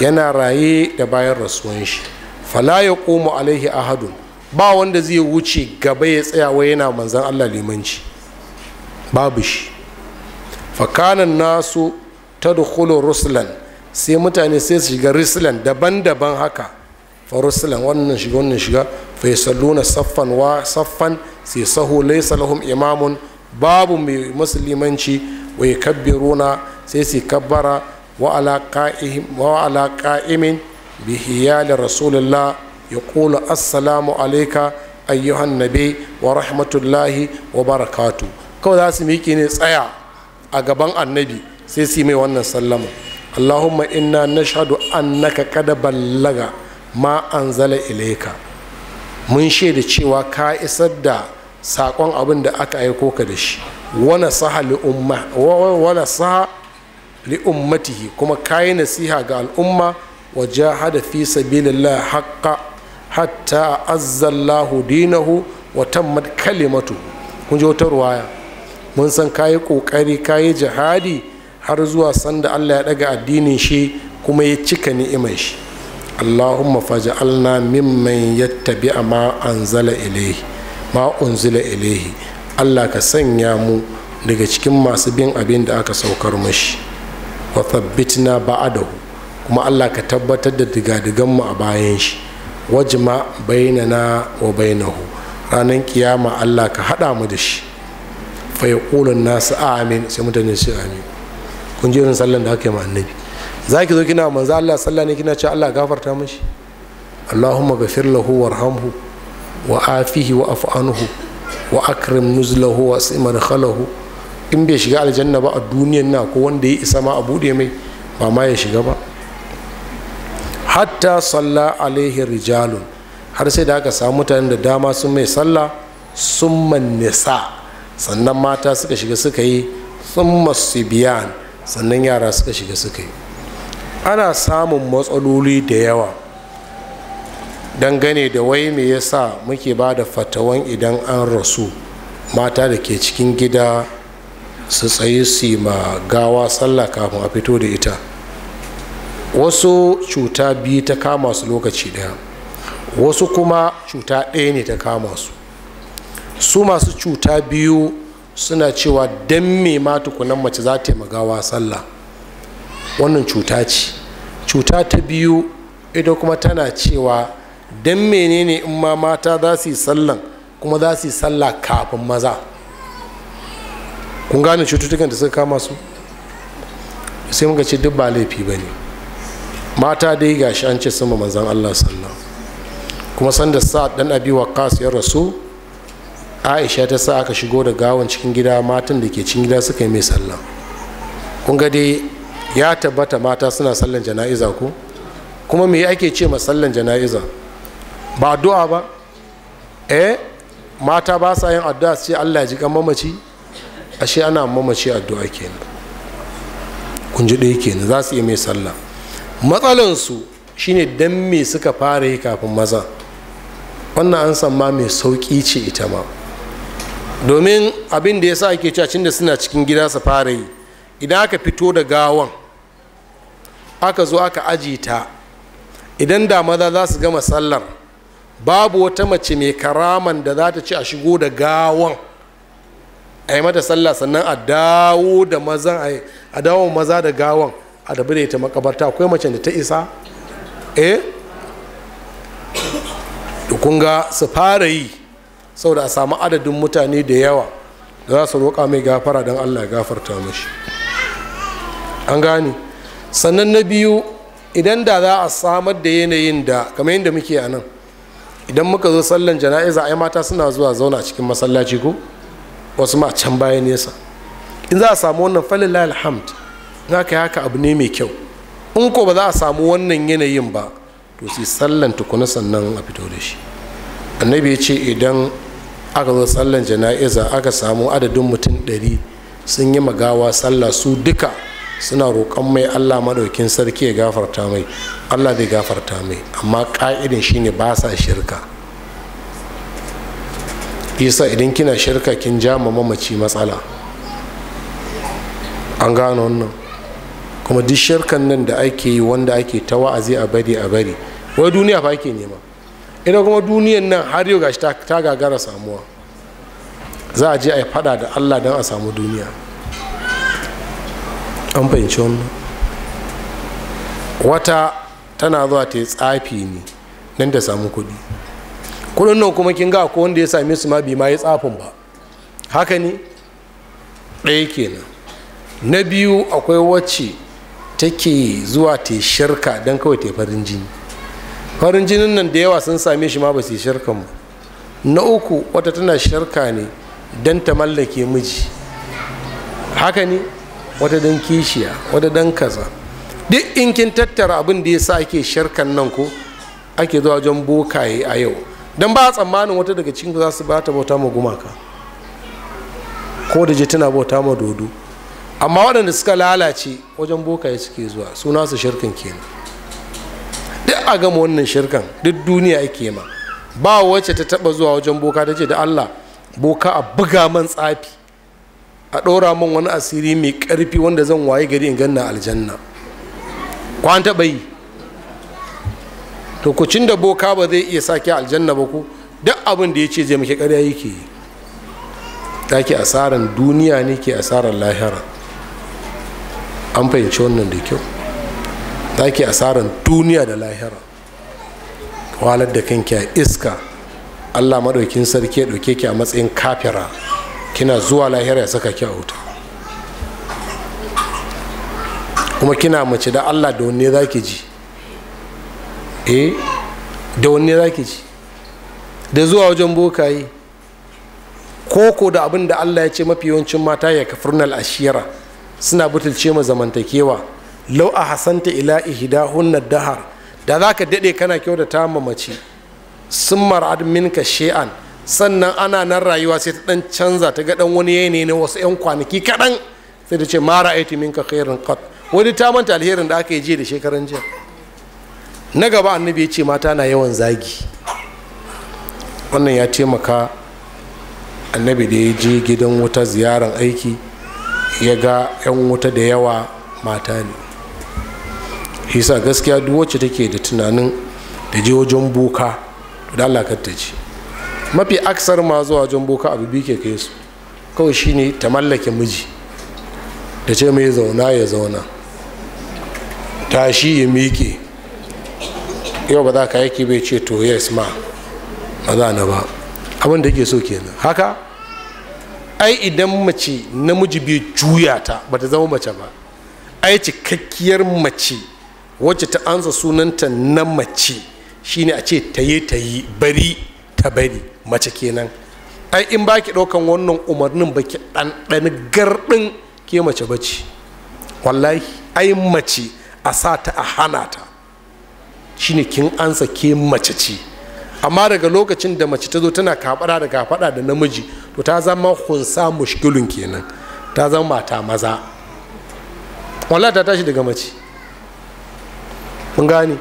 yana raye da bayan rasuwan shi fala ya komo alaihi ahadun ba wanda zai wuce gaba ya tsaya tsayawa yana manzan allah limanci babu shi fakanan nasu ta dukulu ruslan sai mutane sai su shiga ruslan daban-daban haka fa ruslan wannan shiga wannan shiga fa yasalluna saffan wa saffan sai sahu laisa lahum imamun babu mai musulmanci wa yakabbiruna sai su kabbara wa ala qa'im bi hiyali rasulullah yaqulu assalamu alaika ayyuhan nabi wa rahmatullahi wa barakatu kawai za su miƙe ne tsaya a gaban annabi sai su mai wannan sallama allahumma inna nashhadu annaka kada ballaga ma anzala ilaika mun shaida cewa ka isar da saƙon abin da aka aiko ka da shi wana saha li ummatihi kuma kayi nasiha ga al'umma wa jahada fi sabilillah haqqa hatta azzallahu dinahu wa tammat kalimatu kun ji wata ruwaya mun san kayi kokari kayi jihadi har zuwa sanda allah ya daga addinin shi kuma ya cika ni'imar shi allahumma faj'alna mimman yattabi'a ma anzala ilaihi ma unzila ilaihi allah ka sanya mu daga cikin masu bin abin da aka saukar mashi wa thabbitna ba'adahu kuma allah ka tabbatar da digadigan mu a bayan shi wajma bainana wa bainahu ranar kiyama allah ka haɗa mu da shi fa ya nasu amin sai mutane su amin kun jerin sallan da aka yi ma za ki zo kina manzo Allah sallah ne kina ce Allah gafarta mashi Allahumma ghafir lahu warhamhu wa afihi wa afanuhu wa akrim nuzlahu wa siman khalahu in bai shiga aljanna ba a duniyan na ko wanda ya isa ma a bude mai ba ma ya shiga ba hatta salla alaihi rijalun har sai da aka samu mutanen da dama sun mai sallah sun nisa sannan mata suka shiga suka yi sun masu biyan sannan yara suka shiga suka yi ana samun matsaloli da yawa dangane da wai me yasa muke ba da fatawan idan an rasu mata da ke cikin gida su tsaye su ma gawa sallah kafin a fito da ita wasu cuta biyu ta kama su lokaci daya wasu kuma cuta ɗaya ne ta kama su su masu cuta biyu suna cewa dan me ma tukunan mace za ta magawa sallah wannan cuta ce cuta ta biyu ita kuma tana cewa dan menene in ma mata za su yi sallan kuma za su yi sallah kafin maza kun gane cututtukan da suka kama su sai muka ce duk ba laifi ba ne mata dai gashi an ce sama manzan allah sallah kuma sanda sa dan abi kasu ya rasu aisha ta sa aka shigo da gawan cikin gida matan da ke cikin gida suka yi mai sallah kun ga dai ya tabbata mata suna sallan jana'iza ko kuma me ake ce ma sallan jana'iza ba addu'a ba eh mata ba sa yin addu'a ce Allah ya ji kan mamaci ashe ana mamaci addu'a kenan kun ji ɗaya kenan za su yi mai sallah matsalansu shine dan me suka fara yi kafin maza wannan an san ma mai sauƙi ce ita ma domin abin da ya sa ake cacin da suna cikin gida su fara yi idan aka fito da gawan aka zo aka aji ta idan da maza za su gama sallar babu wata mace mai karaman da za ta ci a shigo da gawan a yi mata sallar sannan a dawo da mazan a dawo maza da gawan a da ita makabarta akwai mace da ta isa eh ga su fara yi saboda a samu adadin mutane da yawa da za su roƙa mai gafara don allah gafarta mashi an gane sannan na biyu idan da za a samar da yanayin da kamar yadda muke a nan idan muka zo sallan jana'iza ai mata suna zuwa zauna a cikin masallaci ko wasu ma can baya nesa in za a samu wannan falilai alhamd za ka yi haka abu ne mai kyau in ko ba za a samu wannan yanayin ba to sai sallan tukuna sannan a fito da shi annabi ya ce idan aka zo sallan jana'iza aka samu adadin mutum ɗari sun yi magawa sallah su duka suna roƙon mai allah maɗaukin sarki ya gafarta mai allah bai gafarta mai amma ƙa'idin shine ba sa shirka isa idan kina shirka kin ja mamaci matsala an gano wannan kuma duk shirkan nan da ake yi wanda ake ta wa'azi a bari a bari wai duniya fa ake nema ina kuma duniyan nan har yau gashi ta gagara samuwa za a je a yi fada da allah don a samu duniya an fahimci wannan wata tana zuwa ta yi tsafi ne nan da samu kuɗi kuɗin nan kuma kin ga ko wanda ya same su ma bi ma yi tsafin ba haka ne ɗaya kenan na biyu akwai wacce take zuwa ta shirka don kawai ta farin jini farin jinin nan da yawa sun same shi ma ba su yi shirkan ba na uku wata tana shirka ne don ta mallake miji haka ne wata don kishiya wata don kaza duk in kin tattara abin da ya sa ake sharkan nan ko ake zuwa wajen bokaye a yau don ba a tsammanin wata daga cikin za su bata bauta ma gumaka ko da tana bauta ma dodo amma waɗanda suka lalace wajen bokaye suke zuwa suna su shirkin kenan a gama wannan shirkan duk duniya ake ma ba wacce ta taba zuwa wajen boka ta ce da allah boka a buga man tsafi a ɗora man wani asiri mai ƙarfi wanda zan waye gari in ganna aljanna kwan taɓa yi to kucin da boka ba zai iya sake aljanna ba ku duk abin da ya ce zai muke ƙarya yake yi ta ke asaran duniya ne ke asaran lahira an fahimci wannan da kyau take asaran duniya da lahira walar da kanki a iska allah maɗaukin sarki ya ɗauke ki a matsayin kafira kina zuwa lahira ya saka ki a wuta kuma kina mace da allah da wanne za ki ji eh da wanne za ki ji da zuwa wajen bokaye koko da abin da allah ya ce mafi yawancin mata ya kafirnal ashira suna butulce ma zamantakewa lau a hasanta ila ihida ihdahunna dahar da za ka daɗe kana kyautata ma mace sun mar'ad minka she'an sannan ana nan rayuwa sai ta dan canza ta ga dan wani yanayi na wasu 'yan kwanaki kaɗan sai ta ce ma ra'aitu minka khairin qat wani ta manta alherin da aka yi jiya da shekaran jiya na gaba annabi ya ce mata na yawan zagi wannan ya taimaka annabi da ya je gidan wuta ziyaran aiki ya ga 'yan wuta da yawa mata ne yasa gaskiya duk wacce take da tunanin da je wajen boka to da Allah ta ce mafi aksar ma zuwa wajen boka abu bi ke kai su kawai shine ta mallake miji da ce mai zauna ya zauna tashi ya miƙe yau ba za ka yake bai ce to yes ma ba za na ba abin da ke so kenan haka ai idan mace namiji bai juya ta ba ta zama mace ba ai cikakkiyar mace wacce ta ansa sunanta na mace shine a ce ta yi ta yi bari ta bari mace kenan ai in baki ɗaukan wannan umarnin baki ɗanɗani garɗin ke mace bace wallahi ai mace a sa ta a hana ta shine kin ansa ke mace ce amma daga lokacin da mace ta zo tana kafaɗa da kafaɗa da namiji to ta zama hunsa mushkilun kenan ta zama mata maza wallahi ta tashi daga mace mun gani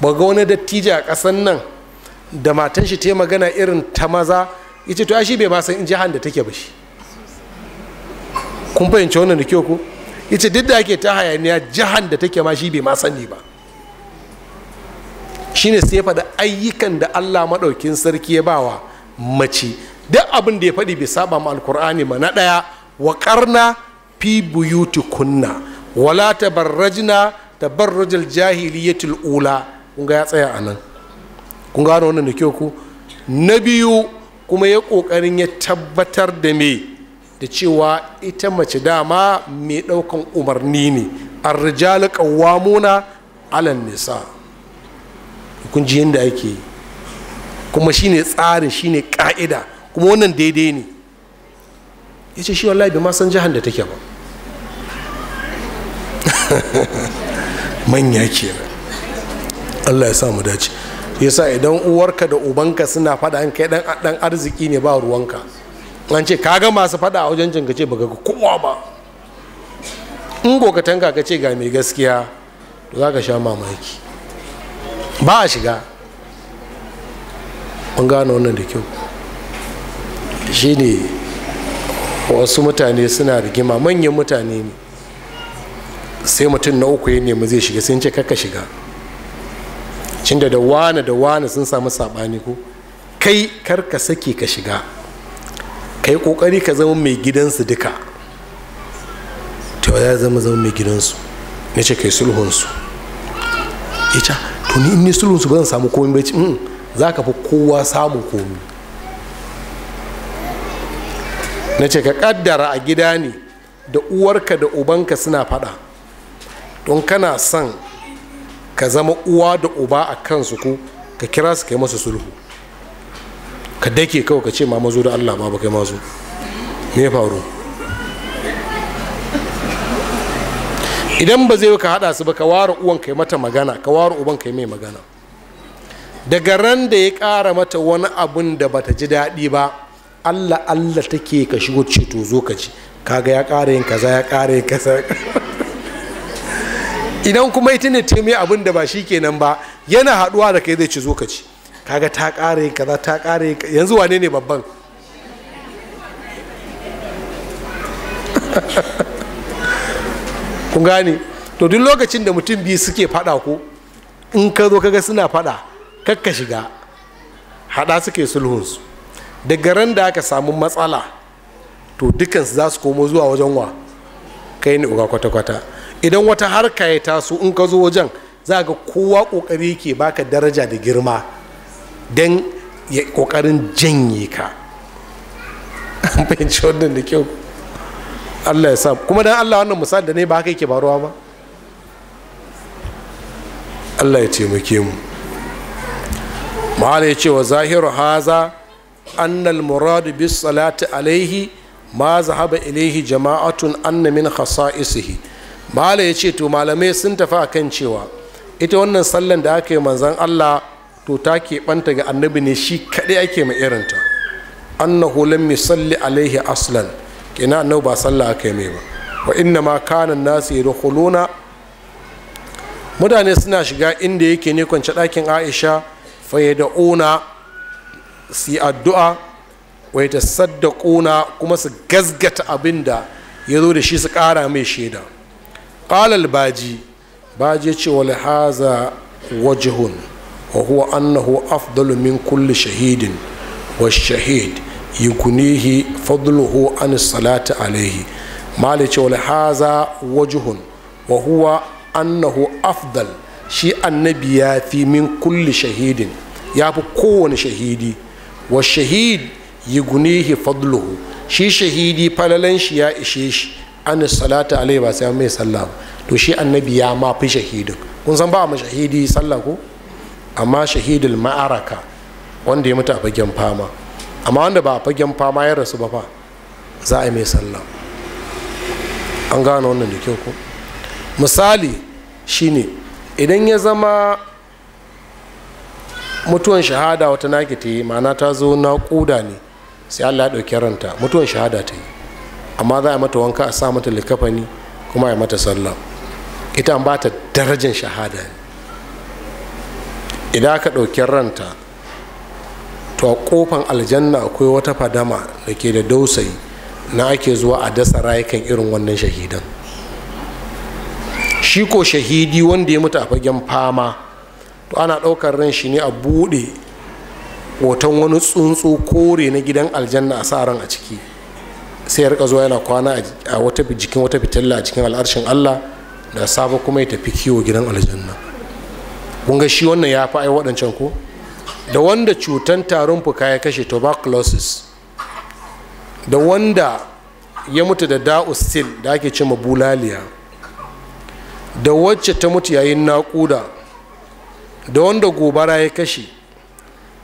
ba ga wani dattijo a ƙasan nan da matan shi ta magana irin ta maza ya ce to shi bai ma in jihar da take ba shi kun fahimci wannan da kyau ko ya ce duk da ake ta hayaniya jihar da take ma shi bai ma sani ba shine sai ya faɗi ayyukan da allah maɗaukin sarki ya bawa mace duk abin da ya faɗi bai saba ma alkur'ani ma na ɗaya wa ƙarna fi buyuti kunna wala tabarrajna tabarrujal jahiliyatul ula kun ga ya tsaya a nan kun gano wannan da kyau ku na biyu kuma ya kokarin ya tabbatar da me da cewa ita mace dama mai daukan umarni ne arrijal qawwamuna ala nisa kun ji yadda ake yi kuma shine tsarin shine ka'ida kuma wannan daidai ne ya ce shi wallahi bai ma san jihar da take ba manya kenan allah ya sa mu dace yasa idan uwarka da ubanka suna fada an kai dan arziki ne ba ruwanka an ce kaga masu fada a wajen jinka ce baka kowa ba in gokatanka ka ce ga mai gaskiya za ka sha mamaki ba a shiga mun gane wannan da kyau shine wasu mutane suna rigima manyan mutane ne sai mutum na uku ya nemi zai shiga sun ce kakka shiga cinda da wane da sun samu saɓani ko kai karka sake ka shiga kai kokari ka zama mai gidansu duka to ya zama zama mai gidansu na ce kai sulhunsu ya ce to ni in ni sulhunsu ba zan samu komi ba ce mm, za ka fi kowa samu komi na ce ka kaddara a gida ne da uwarka da ubanka suna fada don kana son ka zama uwa da uba a kansu ko ka kira su kai masa sulhu ka dake kawai ka ce ma mazo da allah ba kai mazo me faru idan ba zai ka hada su ba ka ware uwan kai mata magana ka ware uban kai mai magana daga ran da ya kara mata wani abun da bata ji daɗi ba allah allah take ka shigo ceto to zo ka ci kaga ya kara yin kaza ya kara yin kaza idan kuma ita ne taimai abin da ba shi kenan ba yana haɗuwa da kai zai ci zo ka ci kaga ta kare ka za ta kare ka yanzu wane ne babban kun gane to duk lokacin da mutum biyu suke fada ko in ka zo kaga suna fada kakka shiga hada suke sulhunsu daga ran da aka samu matsala to dukansu za su komo zuwa wajen wa kai ne uga kwata-kwata idan wata harka ya taso in ka zo wajen za ga kowa kokari ke baka daraja da girma don ya kokarin janye ka an fahimci wannan da kyau allah ya sa kuma dan allah wannan misali da ne ba haka yake baruwa ba allah ya taimake mu ma'ala ya ce wa zahiru haza annal muradu bis salati alaihi ma zahaba ilaihi jama'atun anna min khasa'isihi bala ya ce to malamai sun tafi a kan cewa ita wannan sallan da aka yi manzan allah to ta keɓanta ga annabi ne shi kaɗai ake ma irinta annahu lam yusalli alaihi aslan kina annabi ba sallah aka yi mai ba wa inna ma kana nasu yadkhuluna mutane suna shiga inda yake ne kwance ɗakin aisha ona su yi addu'a wai ta ƙona kuma su gazgata abin da ya zo da shi su ƙara mai shaida qalal baji baji ya ce wal haza wajhun wa huwa annahu afdalu min kulli shahidin wa shahid yukunihi fadluhu an salati alaihi mali ce wal haza wajhun wa huwa annahu afdal shi annabi ya fi min kulli shahidin ya fi kowane shahidi wa shahid yugunihi fadluhu shi shahidi falalan shi ya ishe shi an salata alaihi ba sai mai sallah to shi annabi ya ma fi shahidin kun san ba mu shahidi sallah ko amma shahidul ma'araka wanda ya mutu a fagen fama amma wanda ba a fagen fama ya rasu ba fa za a yi mai sallah an gane wannan da kyau ko misali shine idan ya zama mutuwan shahada wata naki ta yi ma'ana ta zo na kuda ne sai allah ya ɗauki ranta mutuwan shahada ta yi amma za a mata wanka a sa mata likafani kuma a mata sallah ita an bata darajar shahada ne idan aka ɗauki ranta to a kofan aljanna akwai wata fadama da ke da dausayi na ake zuwa a dasa rayukan irin wannan shahidan shi ko shahidi wanda ya mutu a fagen fama to ana ɗaukar ran shi ne a buɗe hoton wani tsuntsu kore na gidan aljanna a sa ran a ciki sai ya yana kwana a wata jikin wata fitilla a cikin al'arshin Allah da sabo kuma ya tafi kiwo gidan aljanna kun ga shi wannan ya fi ai waɗancan ko da wanda cutan tarin fuka ya kashe tuberculosis da wanda ya mutu da da'ustil da ake cewa bulaliya da wacce ta mutu yayin naƙuda da wanda gobara ya kashe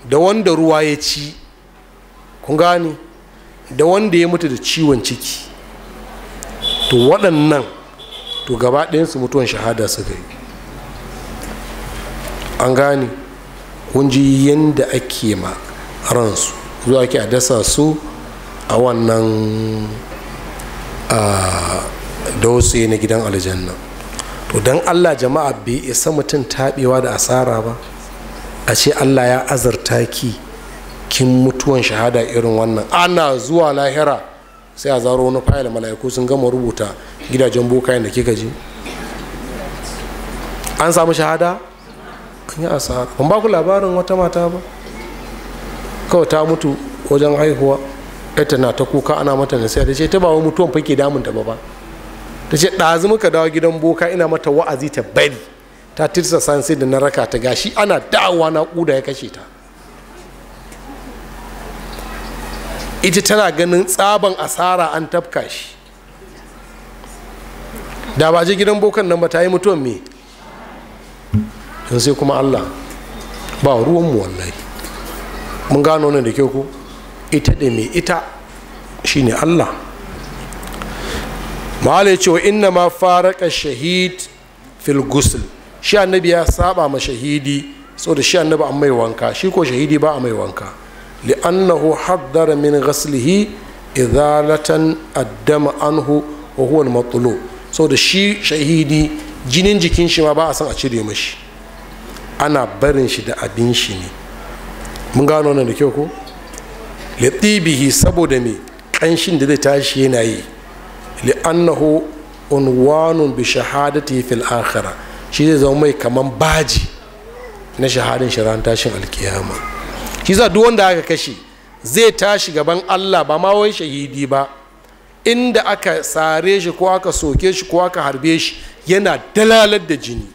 da wanda ruwa ya ci kun gani da wanda ya mutu da ciwon ciki to waɗannan to gaba ɗayansu mutuwan shahada su yi an gane ji yadda ake ma ransu zuwa ake a dasa su a wannan dausaye na gidan aljanna to don allah jama'a bai isa mutum taɓewa da asara ba a ce allah ya azarta ki kin mutuwan shahada irin wannan ana zuwa lahira sai a zaro wani fayil mala'iku sun gama rubuta gidajen bokayen da kika ji an samu shahada an yi asara ban ba ku labarin wata mata ba kawai ta mutu wajen haihuwa ita na ta kuka ana mata nasiha ta ce ta ba wa mutuwan fake ke damun ta ba ba ta ce ɗazu muka dawo gidan boka ina mata wa'azi ta bari ta tirsa san da na raka ta gashi ana dawa na ƙuda ya kashe ta ita tana ganin tsaban asara an tafka shi da ba je gidan bokan nan ba ta yi mutuwan me sai kuma allah ba ruwanmu wallahi mun gano nan da ke ku ita da me ita shine allah mahala ya ce wa inna ma faraka shahid fil gusul shi annabi ya saba ma shahidi sau da shi annabi an mai wanka shi ko shahidi ba a mai wanka li'annahu haddara min ghaslihi idalatan addama anhu wa huwa al da shi shahidi jinin jikin shi ma ba a san a cire mashi ana barin shi da abin shi ne mun gano nan da kyau ko latibihi saboda me kanshin da zai tashi yana yi li'annahu unwanun bi shahadati fil akhirah shi zai zama mai kaman baji na shahadin shi ran tashin alkiyama shi za duk wanda aka kashe zai tashi gaban allah ba ma wai shahidi ba inda aka sare shi ko aka soke shi ko aka harbe shi yana dalalar da jini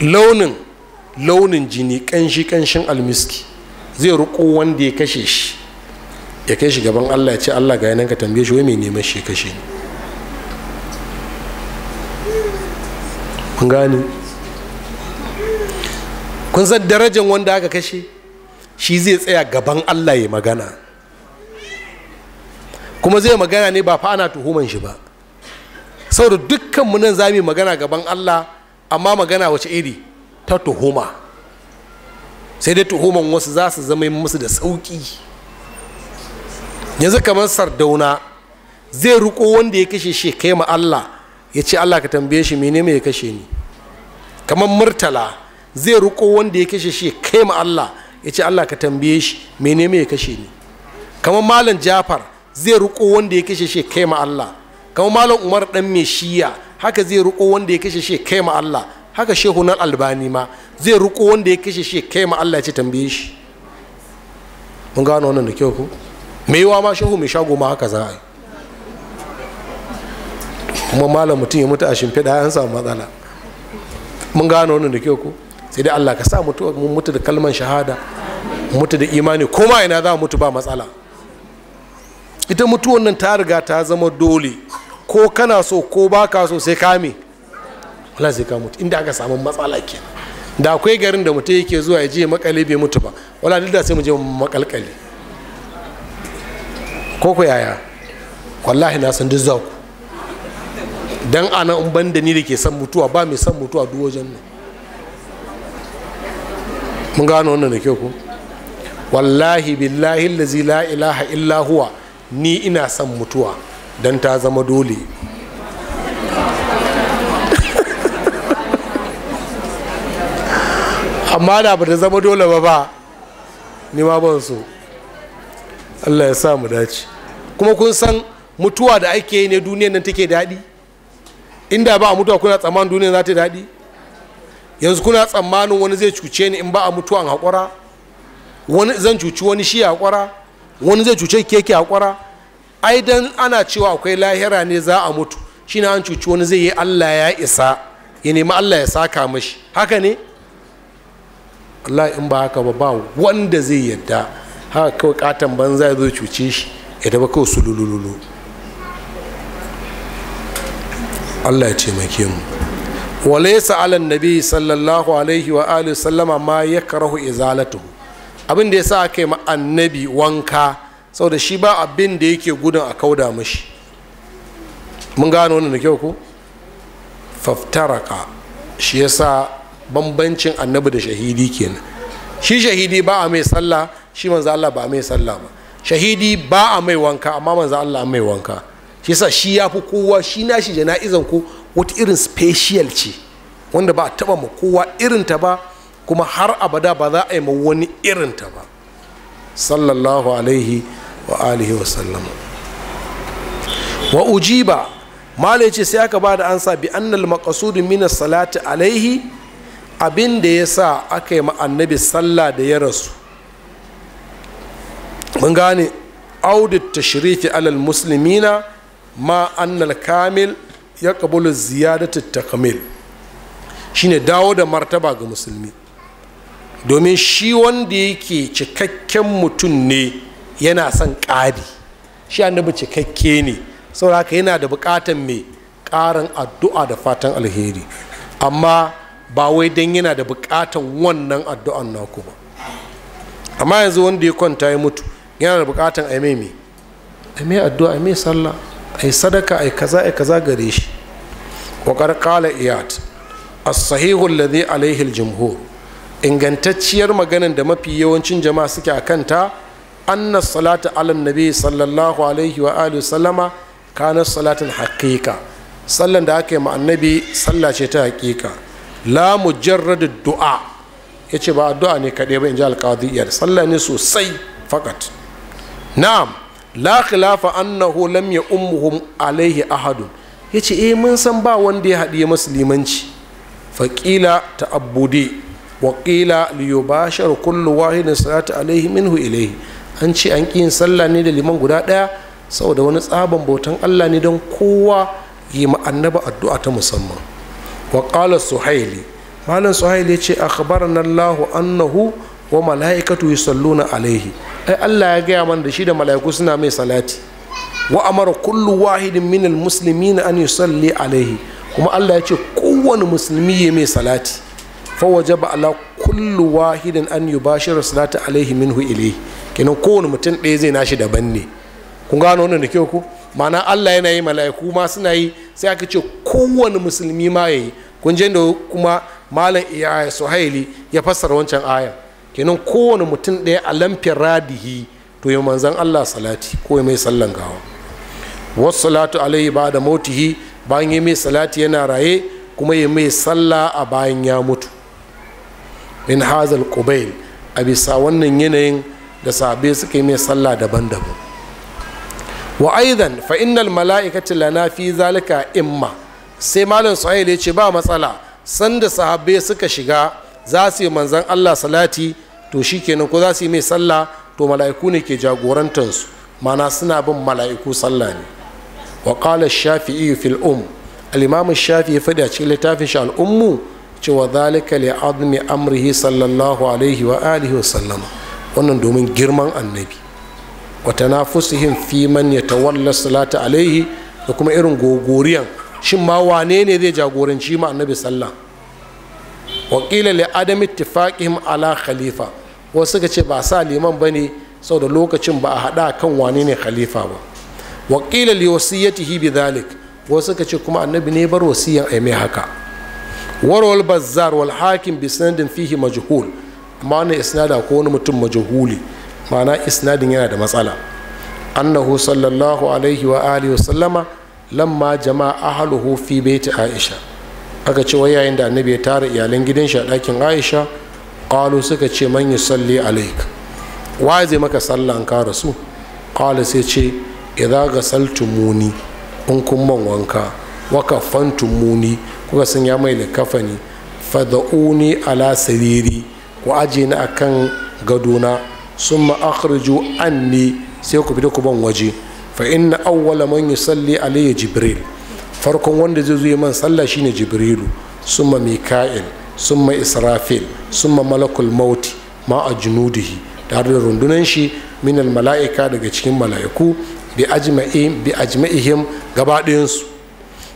launin launin jini kanshi kanshin almiski zai ruko wanda ya kashe shi ya kai shi gaban allah ya ce allah ga nan ka tambaye shi wai mai neman shi kashe ni kun kun san darajar wanda aka kashe shi zai tsaya gaban allah ya magana kuma zai magana ne ba fa ana tuhuman shi ba saboda dukkan munan za mu magana gaban allah amma magana wace iri ta tuhuma sai dai tuhuman wasu za su zama musu da sauki yanzu kamar sardauna zai ruko wanda ya kashe shi kai ma allah ya ce allah ka tambaye shi mene mai ya kashe ni kamar murtala zai ruko wanda ya kashe shi kai ma Allah ya ce Allah ka tambaye shi mene ya kashe ni kamar malam Jafar zai ruko wanda ya kashe shi kai ma Allah kamar malam Umar dan mai shiya haka zai ruko wanda ya kashe shi kai ma Allah haka shehu nan albani ma zai ruko wanda ya kashe shi kai ma Allah ya ce tambaye shi mun gano wannan da kyau ko Mai yawa ma shehu mai shago ma haka za a yi kuma malam mutum ya mutu a shimfiɗa an samu matsala mun gano wannan da kyau ko sai dai allah ka sa mutu da kalman shahada mutu da imani kuma ina za mutu ba matsala ita mutu nan ta riga ta zama dole ko kana so ko ba ka so sai ka me wala sai ka mutu inda aka samu matsala ke da akwai garin da mutu yake zuwa ya je makale bai mutu ba wala duk da sai mu je makalkali ko ku yaya wallahi na san duk za ku dan ana in ban da ni da ke san mutuwa ba mai san mutuwa duk wajen nan mun gano wannan da kyau ko wallahi billahi lazi la ilaha illa huwa ni ina son mutuwa don ta zama dole amma da ba ta zama dole ba ba ni ma ban so allah ya sa mu dace kuma kun san mutuwa da ake yi ne duniyan nan take daɗi inda ba a mutuwa kuna tsammanin duniyan za ta daɗi yanzu kuna tsammanin wani zai cuce ni in ba a mutuwan haƙura wani zan cuci wani shi haƙura wani zai cuce keke haƙura ai dan ana cewa akwai lahira ne za a mutu shi an cuci wani zai yi allah ya isa ya nemi allah ya saka mashi haka ne allah in ba haka ba ba wanda zai yadda haka kawai katon banza ya zo cuce shi ya taba kawai su allah ya ce mu walaisa alan nabi sallallahu alaihi wa alihi sallama ma ya karahu izalatu abin da ya sa ma annabi wanka saboda shi ba abin da yake gudun a kauda mishi mun gano wannan da kyau ko faftaraka shi ya sa bambancin annabi da shahidi kenan shi shahidi ba a mai sallah shi manzo Allah ba a mai sallah ba shahidi ba a mai wanka amma manzo Allah mai wanka shi yasa shi ya fi kowa shi na shi jana'izan ko wata irin special ce wanda ba a taba ma kowa irinta ba kuma har abada ba za a yi ma wani irinta ba sallallahu alaihi wa alihi wa sallam wa ujiba mala ce sai aka ba da ansa bi annal maqasudu min salati alaihi abin da ya sa aka yi ma annabi sallah da ya rasu mun gane audit tashrifi alal muslimina ma annal kamil ya kabula ziyadatu takamil shine dawo da martaba ga musulmi domin shi wanda yake cikakken mutum ne yana son ƙari shi annabi cikakke ne saboda haka yana da bukatan mai ƙarin addu'a da fatan alheri amma ba wai dan yana da buƙatan wannan addu'an naku ba amma yanzu wanda ya kwanta ya mutu yana da buƙatan aime mai aime addu'a aime sallah ai sadaka ai kaza ai kaza gare shi wakar kala iyad as-sahihu alladhi Alayhi al-jumhur ingantacciyar maganar da mafi yawancin jama'a suke a kanta anna Salatu ala nabi sallallahu alaihi wa alihi sallama kana salatin haƙiƙa sallan da aka yi ma annabi salla ce ta haqiqa la mujarrad du'a yace ba addu'a ne kaɗai ba in ji alqadiyar sallan ne sosai fakat na'am la khilafa annahu lam ya ummuhum alaihi ahadun ya ce eh mun san ba wanda ya haɗiye masu limanci faƙila ta abudi waƙila liyubashar kullu wahidin salatu alaihi minhu ilaihi an ce an ƙi yin sallah ne da liman guda ɗaya saboda wani tsaban bautan allah ne don kowa yi ma annaba addu'a ta musamman Waƙala suhaili malam suhaili ya ce akhbarana allahu annahu wa mala'ikatu yusalluna alaihi ai Allah ya gaya mana da shi da mala'iku suna mai salati wa amara kullu wahidin min almuslimina an yusalli alaihi kuma Allah ya ce kowane musulmi ya mai salati fa wajaba ala kullu wahidin an yubashira salata alaihi minhu ilaihi kenan kowane mutum ɗaya zai nashi daban ne kun gano wannan da kyau ku ma'ana Allah yana yi mala'iku ma suna yi sai aka ce kowane musulmi ma yayi kun je da kuma malam iya suhaili ya fassara wancan ayan kenan kowane mutum ɗaya a lamfin radihi to yi manzan allah salati ko mai sallan gawa wasu salatu alaihi ba da mautihi bayan ya mai salati yana raye kuma ya mai sallah a bayan ya mutu min hazal qubail a bisa wannan yanayin da sabe suka yi mai sallah daban-daban wa aidan fa innal mala'ikati lana fi zalika imma sai malam suhail ya ce ba matsala sanda sahabbai suka shiga za su yi manzan allah salati to shi kenan ko za su yi mai sallah to mala'iku ne ke jagorantansu mana suna bin mala'iku sallah ne wa qala shafi'i fil um al-imam shafi'i ya faɗi a cikin littafin shi al'ummu cewa zalika li azmi amrihi sallallahu alaihi wa alihi wa sallama wannan domin girman annabi wa tanafusihim fi man yatawalla salata alaihi da kuma irin gogoriyan shin ma wane ne zai jagoranci ma annabi sallallahu wakila li adam ittifaqihim ala khalifa wasu suka ce ba sa liman bane saboda lokacin ba a hada kan wane ne khalifa ba wakila li wasiyatihi bidhalik wasu suka ce kuma annabi ne bar wasiyan ai mai haka warwal bazzar wal hakim bi sanadin fihi majhul amma wannan isnada ko wani mutum majhuli ma'ana isnadin yana da matsala annahu sallallahu alaihi wa alihi wa sallama lamma jama'a ahluhu fi baiti aisha aka ce wai yayin da annabi ya tara iyalan gidan shi a ɗakin aisha qalu suka ce man yusalli alaik wa zai maka sallah an ka rasu ƙalu sai ce idza ghasaltumuni in kun man wanka wa kafantumuni kuka sun ya mai likafani fad'uni ala sariri ku aje ni akan gadona summa an anni sai ku fita ku ban waje fa inna awwala man yusalli alayya jibril farkon wanda zai zo man sallah shine jibrilu summa mika'il summa israfil summa malakul mauti ma a junudihi tare da rundunan shi minal mala'ika daga cikin mala'iku bi ajma'ihim bi ajma'ihim gaba ɗayansu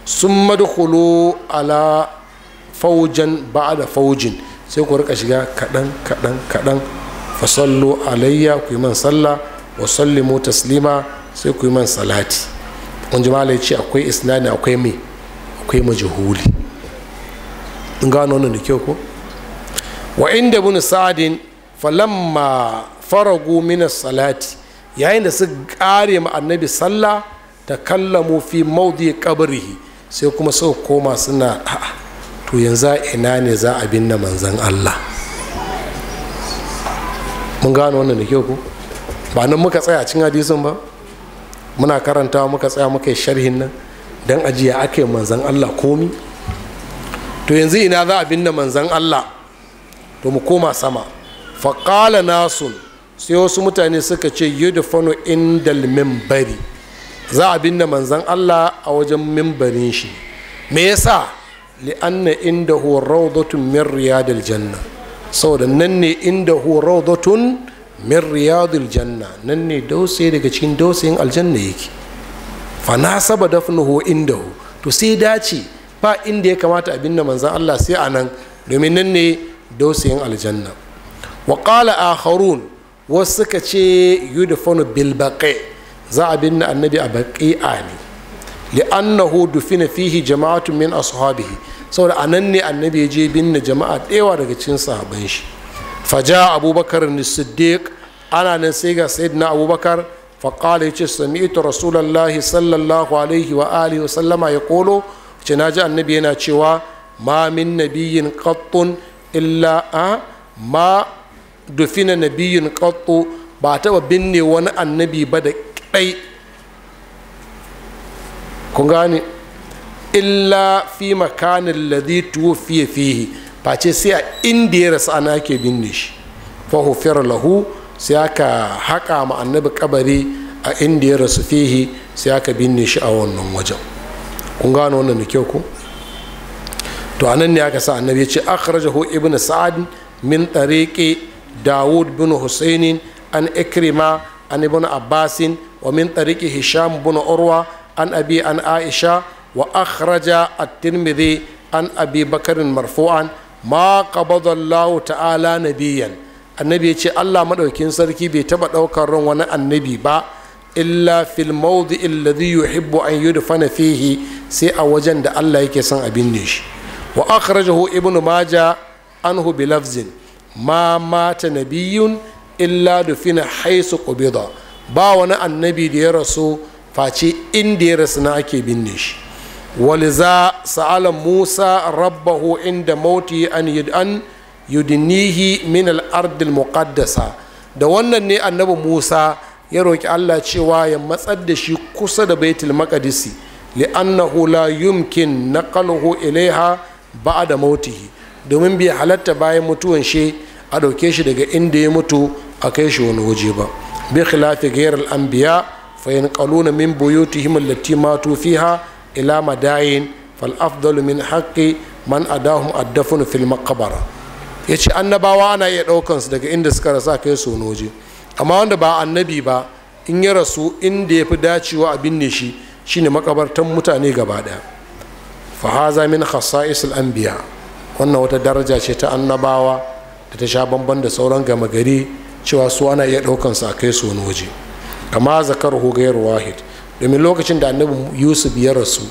sun madkhulu ala faujan da faujin sai ku rika shiga kaɗan kaɗan kaɗan fasallu alayya ku yi man sallah wa sallimu taslima sai ku yi man salati kun ji malai ce akwai isnadi akwai mai akwai majhuli in gano wannan da kyau ko wa inda ibn sa'adin falamma faragu min salati yayin da su kare ma annabi sallah ta kallamu fi maudi qabrihi sai kuma su koma suna a'a to yanzu ina ne za a binne manzan Allah mun gano wannan da kyau ko ba nan muka tsaya cin hadisin ba muna karantawa muka tsaya muka yi sharhin nan don ajiya ake manzan allah komi to yanzu ina za a binne manzan allah to mu koma sama faƙala nasun sai wasu mutane suka ce yudufanu indal mimbari za a binne manzan allah a wajen mimbarin shi me yasa li'anna inda hu rawdatun min riyadil janna saboda nan ne inda hu rawdatun min riyadil janna nan ne dausayi daga cikin dausayin aljanna yake fa nasaba dafnuhu indahu to sai dace ba inda ya kamata abin da manzan Allah sai a nan domin nan ne dausayin aljanna wa a harun wasu suka ce yudfanu bil za a binne annabi a a ne li'annahu dufina fihi jama'atun min ashabihi saboda nan ne annabi ya je binne jama'a ɗewa daga cikin sahaban shi faja abubakar siddiq ana nan sai ga sayyidina abubakar faƙala ya ce sami'tu rasulallahi sallallahu alaihi wa alihi wasallama sallama ya kolo ce na ji annabi yana cewa ma min nabiyin qattun illa a ma dufina nabiyin qattu ba taɓa binne wani annabi ba da ɗai kun gane illa fi makanin ladhi fiye fihi face sai a inda ya rasu ana ke binne shi fahufiyar lahu sai aka haƙa ma annabi kabari a inda ya rasu fihi sai aka binne shi a wannan wajen kun gano wannan da kyau ko to anan ne aka sa annabi ya ce akhrajahu ibnu sa'ad min tariqi dawud bin Hussaini an ikrima an ibn abbasin wa min tariqi hisham bin urwa an abi an aisha wa akhraja at-tirmidhi an abi bakr marfu'an ma qabadallahu ta'ala nabiyan annabi ya ce Allah madaukin sarki bai taba daukar ran wani annabi ba illa fil mawdi alladhi yuhibbu an yudfana fihi sai a wajen da Allah yake son a binne shi wa akhrajahu ibnu maja anhu bi lafzin ma mata nabiyun illa dufina haisu qubida ba wani annabi da ya rasu face inda ya rasu na ake binne shi waliza sa'ala musa rabbahu inda mauti an yud'an yudinihi min al da wannan ne annabi musa ya roƙi allah cewa ya matsar da shi kusa da baitul maqdisi li'annahu la yumkin naqaluhu ilaiha da mautihi domin bai halatta bayan mutuwan shi a dauke shi daga inda ya mutu a kai shi wani waje ba bi khilafi ghayr al-anbiya fa yanqaluna min buyutihim allati matu fiha ila madayin fal afdalu min haqqi man adahum addafun fil ya ce annabawa ana iya ɗaukansu daga inda suka rasa kai sonoje amma wanda ba annabi ba in ya rasu inda ya fi dacewa a binne shi shine makabartan mutane gaba daya fa haza min khasa'isil anbiya wannan wata daraja ce ta annabawa da ta sha bamban da sauran gama gari cewa su ana iya daukan su a kai sonoje kama zakar hugayar wahid domin lokacin da annabi yusuf ya rasu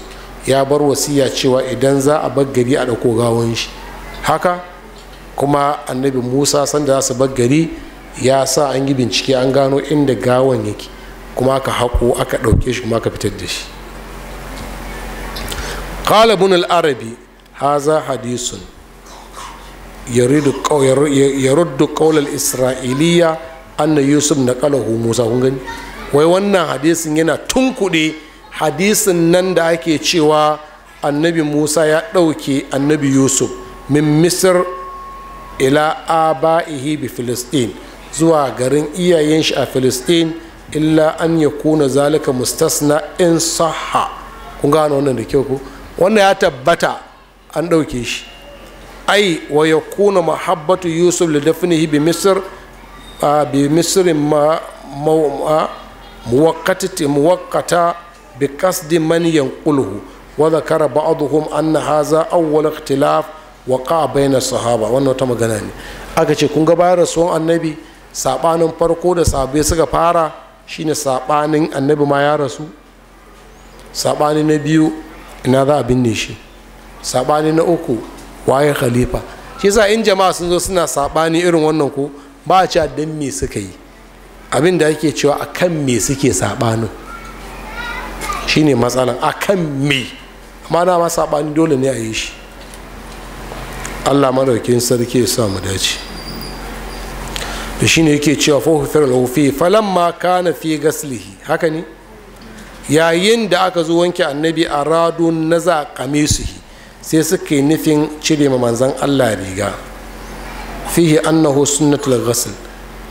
ya bar wasiya cewa idan za a bar gari a ɗauko gawon shi haka kuma annabi musa sanda za su bar gari ya sa an yi bincike an gano inda gawon yake kuma aka haƙo aka ɗauke shi kuma ka fitar da shi qala al'arabi al-arabi haza hadisun ya ruddu ƙaular israiliya anna yusuf ƙalahu musa kun gani wai wannan hadisin yana tun kuɗi hadisin nan da ake cewa annabi musa ya ɗauke annabi yusuf min misir ila aba'ihi bi filistin zuwa garin iyayen shi a filistin illa an ya kuna zalika mustasna in saha kun gano wannan da kyau ku wannan ya tabbata an ɗauke shi ai wa ya kuna mahabbatu yusuf da dafnihi bi misir bi misirin ma muwakkatati muwakkata bi qasdi man yanquluhu wa dhakara ba'dhum anna hadha awwal ikhtilaf waqa bayna sahaba wannan wata magana ne aka ce kun ga bayan rasuwan annabi sabanin farko da sahabbai suka fara shine sabanin annabi ma ya rasu sabani na biyu ina za a binne shi sabani na uku waye khalifa shi yasa in jama'a sun zo suna sabani irin wannan ko ba a dan me suka yi abin da ake cewa a kan me suke saɓanin shine matsalan a kan me amma na ma dole ne a yi shi allah madaukin sarki ya sa dace da shi ne yake cewa fahufir alhufi falamma na fi gaslihi haka ne yayin da aka zo wanke annabi a radu na kame su sai suka yi nufin cire ma manzan allah riga fihi annahu sunnatul ghasl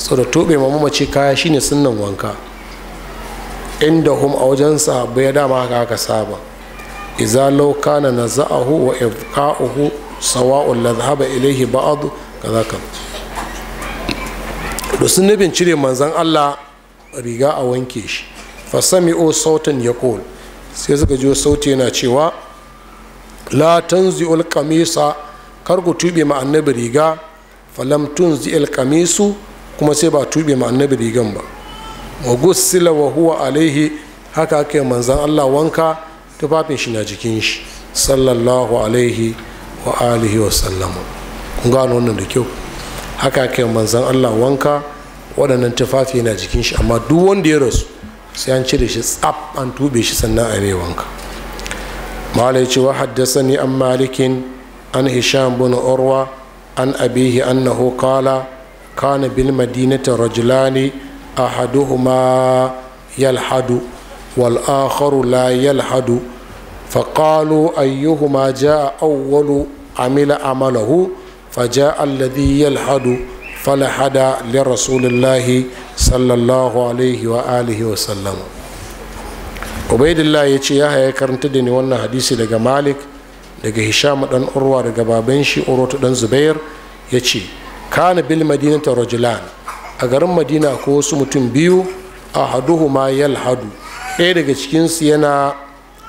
sau da tobe ma mamace kaya shine sunnan wanka inda hum a wajen bai ya dama haka aka saba idza na kana hu wa ifqa'uhu sawa'un la dhahaba ilayhi ba'd kaza ka da sunnabin cire manzon Allah riga a wanke shi fasami sautin sautan kol sai suka ji sauti yana cewa la tanzi'ul qamisa kar ku tube ma annabi riga falam tunzi'il kamisu. kuma sai ba tube ma annabi rigan ba wa gusila wa huwa alaihi haka ake manzan allah wanka tufafin shi na jikin shi sallallahu alaihi wa alihi wa sallama kun gano wannan da kyau haka ake manzan allah wanka waɗannan tufafi na jikin shi amma duk wanda ya rasu sai an cire shi tsaf an tube shi sannan a yi wanka malai ce wa haddasa ni an malikin an hisham bin urwa an abihi annahu qala kana bil madinati rajulani ahaduhuma yalhadu wal akharu la yalhadu فقالوا أيهما جاء أول عمل عمله فجاء الذي يلحد فلحد لرسول sallallahu alaihi wa alihi wa sallam. ubaidillah ya ce ya haya karanta da ni wannan hadisi daga malik daga hisham dan urwa daga baban shi urutu dan zubair ya ce kana bil madinata rajulan a garin madina ko wasu mutum biyu a yal yalhadu ɗaya daga cikinsu yana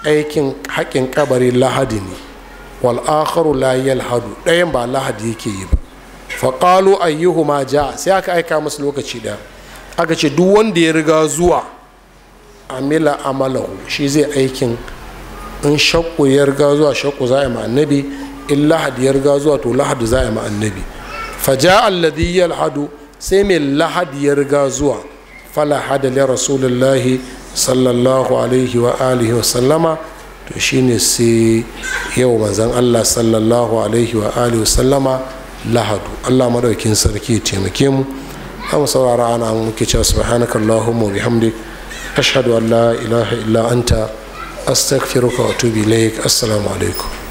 aikin haƙin kabari lahadi ne wal akharu la hadu ɗayan ba lahadi yake yi ba faƙalu ayyuhuma ja sai aka aika musu lokaci da aka ce duk wanda ya riga zuwa amila amalahu shi zai aikin in shakku ya riga zuwa shakku za a yi ma in lahadi ya riga zuwa to lahadi za a yi ma annabi faja alladhi yalhadu sai mai lahadi ya riga zuwa fala hada li rasulullahi sallallahu alaihi wa alihi wa sallama to shine sai yau manzon Allah sallallahu alaihi wa alihi wa sallama lahadu Allah madaukin sarki taimake mu mu saurara ana muke cewa subhanaka allahumma bihamdik ashhadu an la ilaha illa anta astaghfiruka wa atubu ilaik assalamu alaikum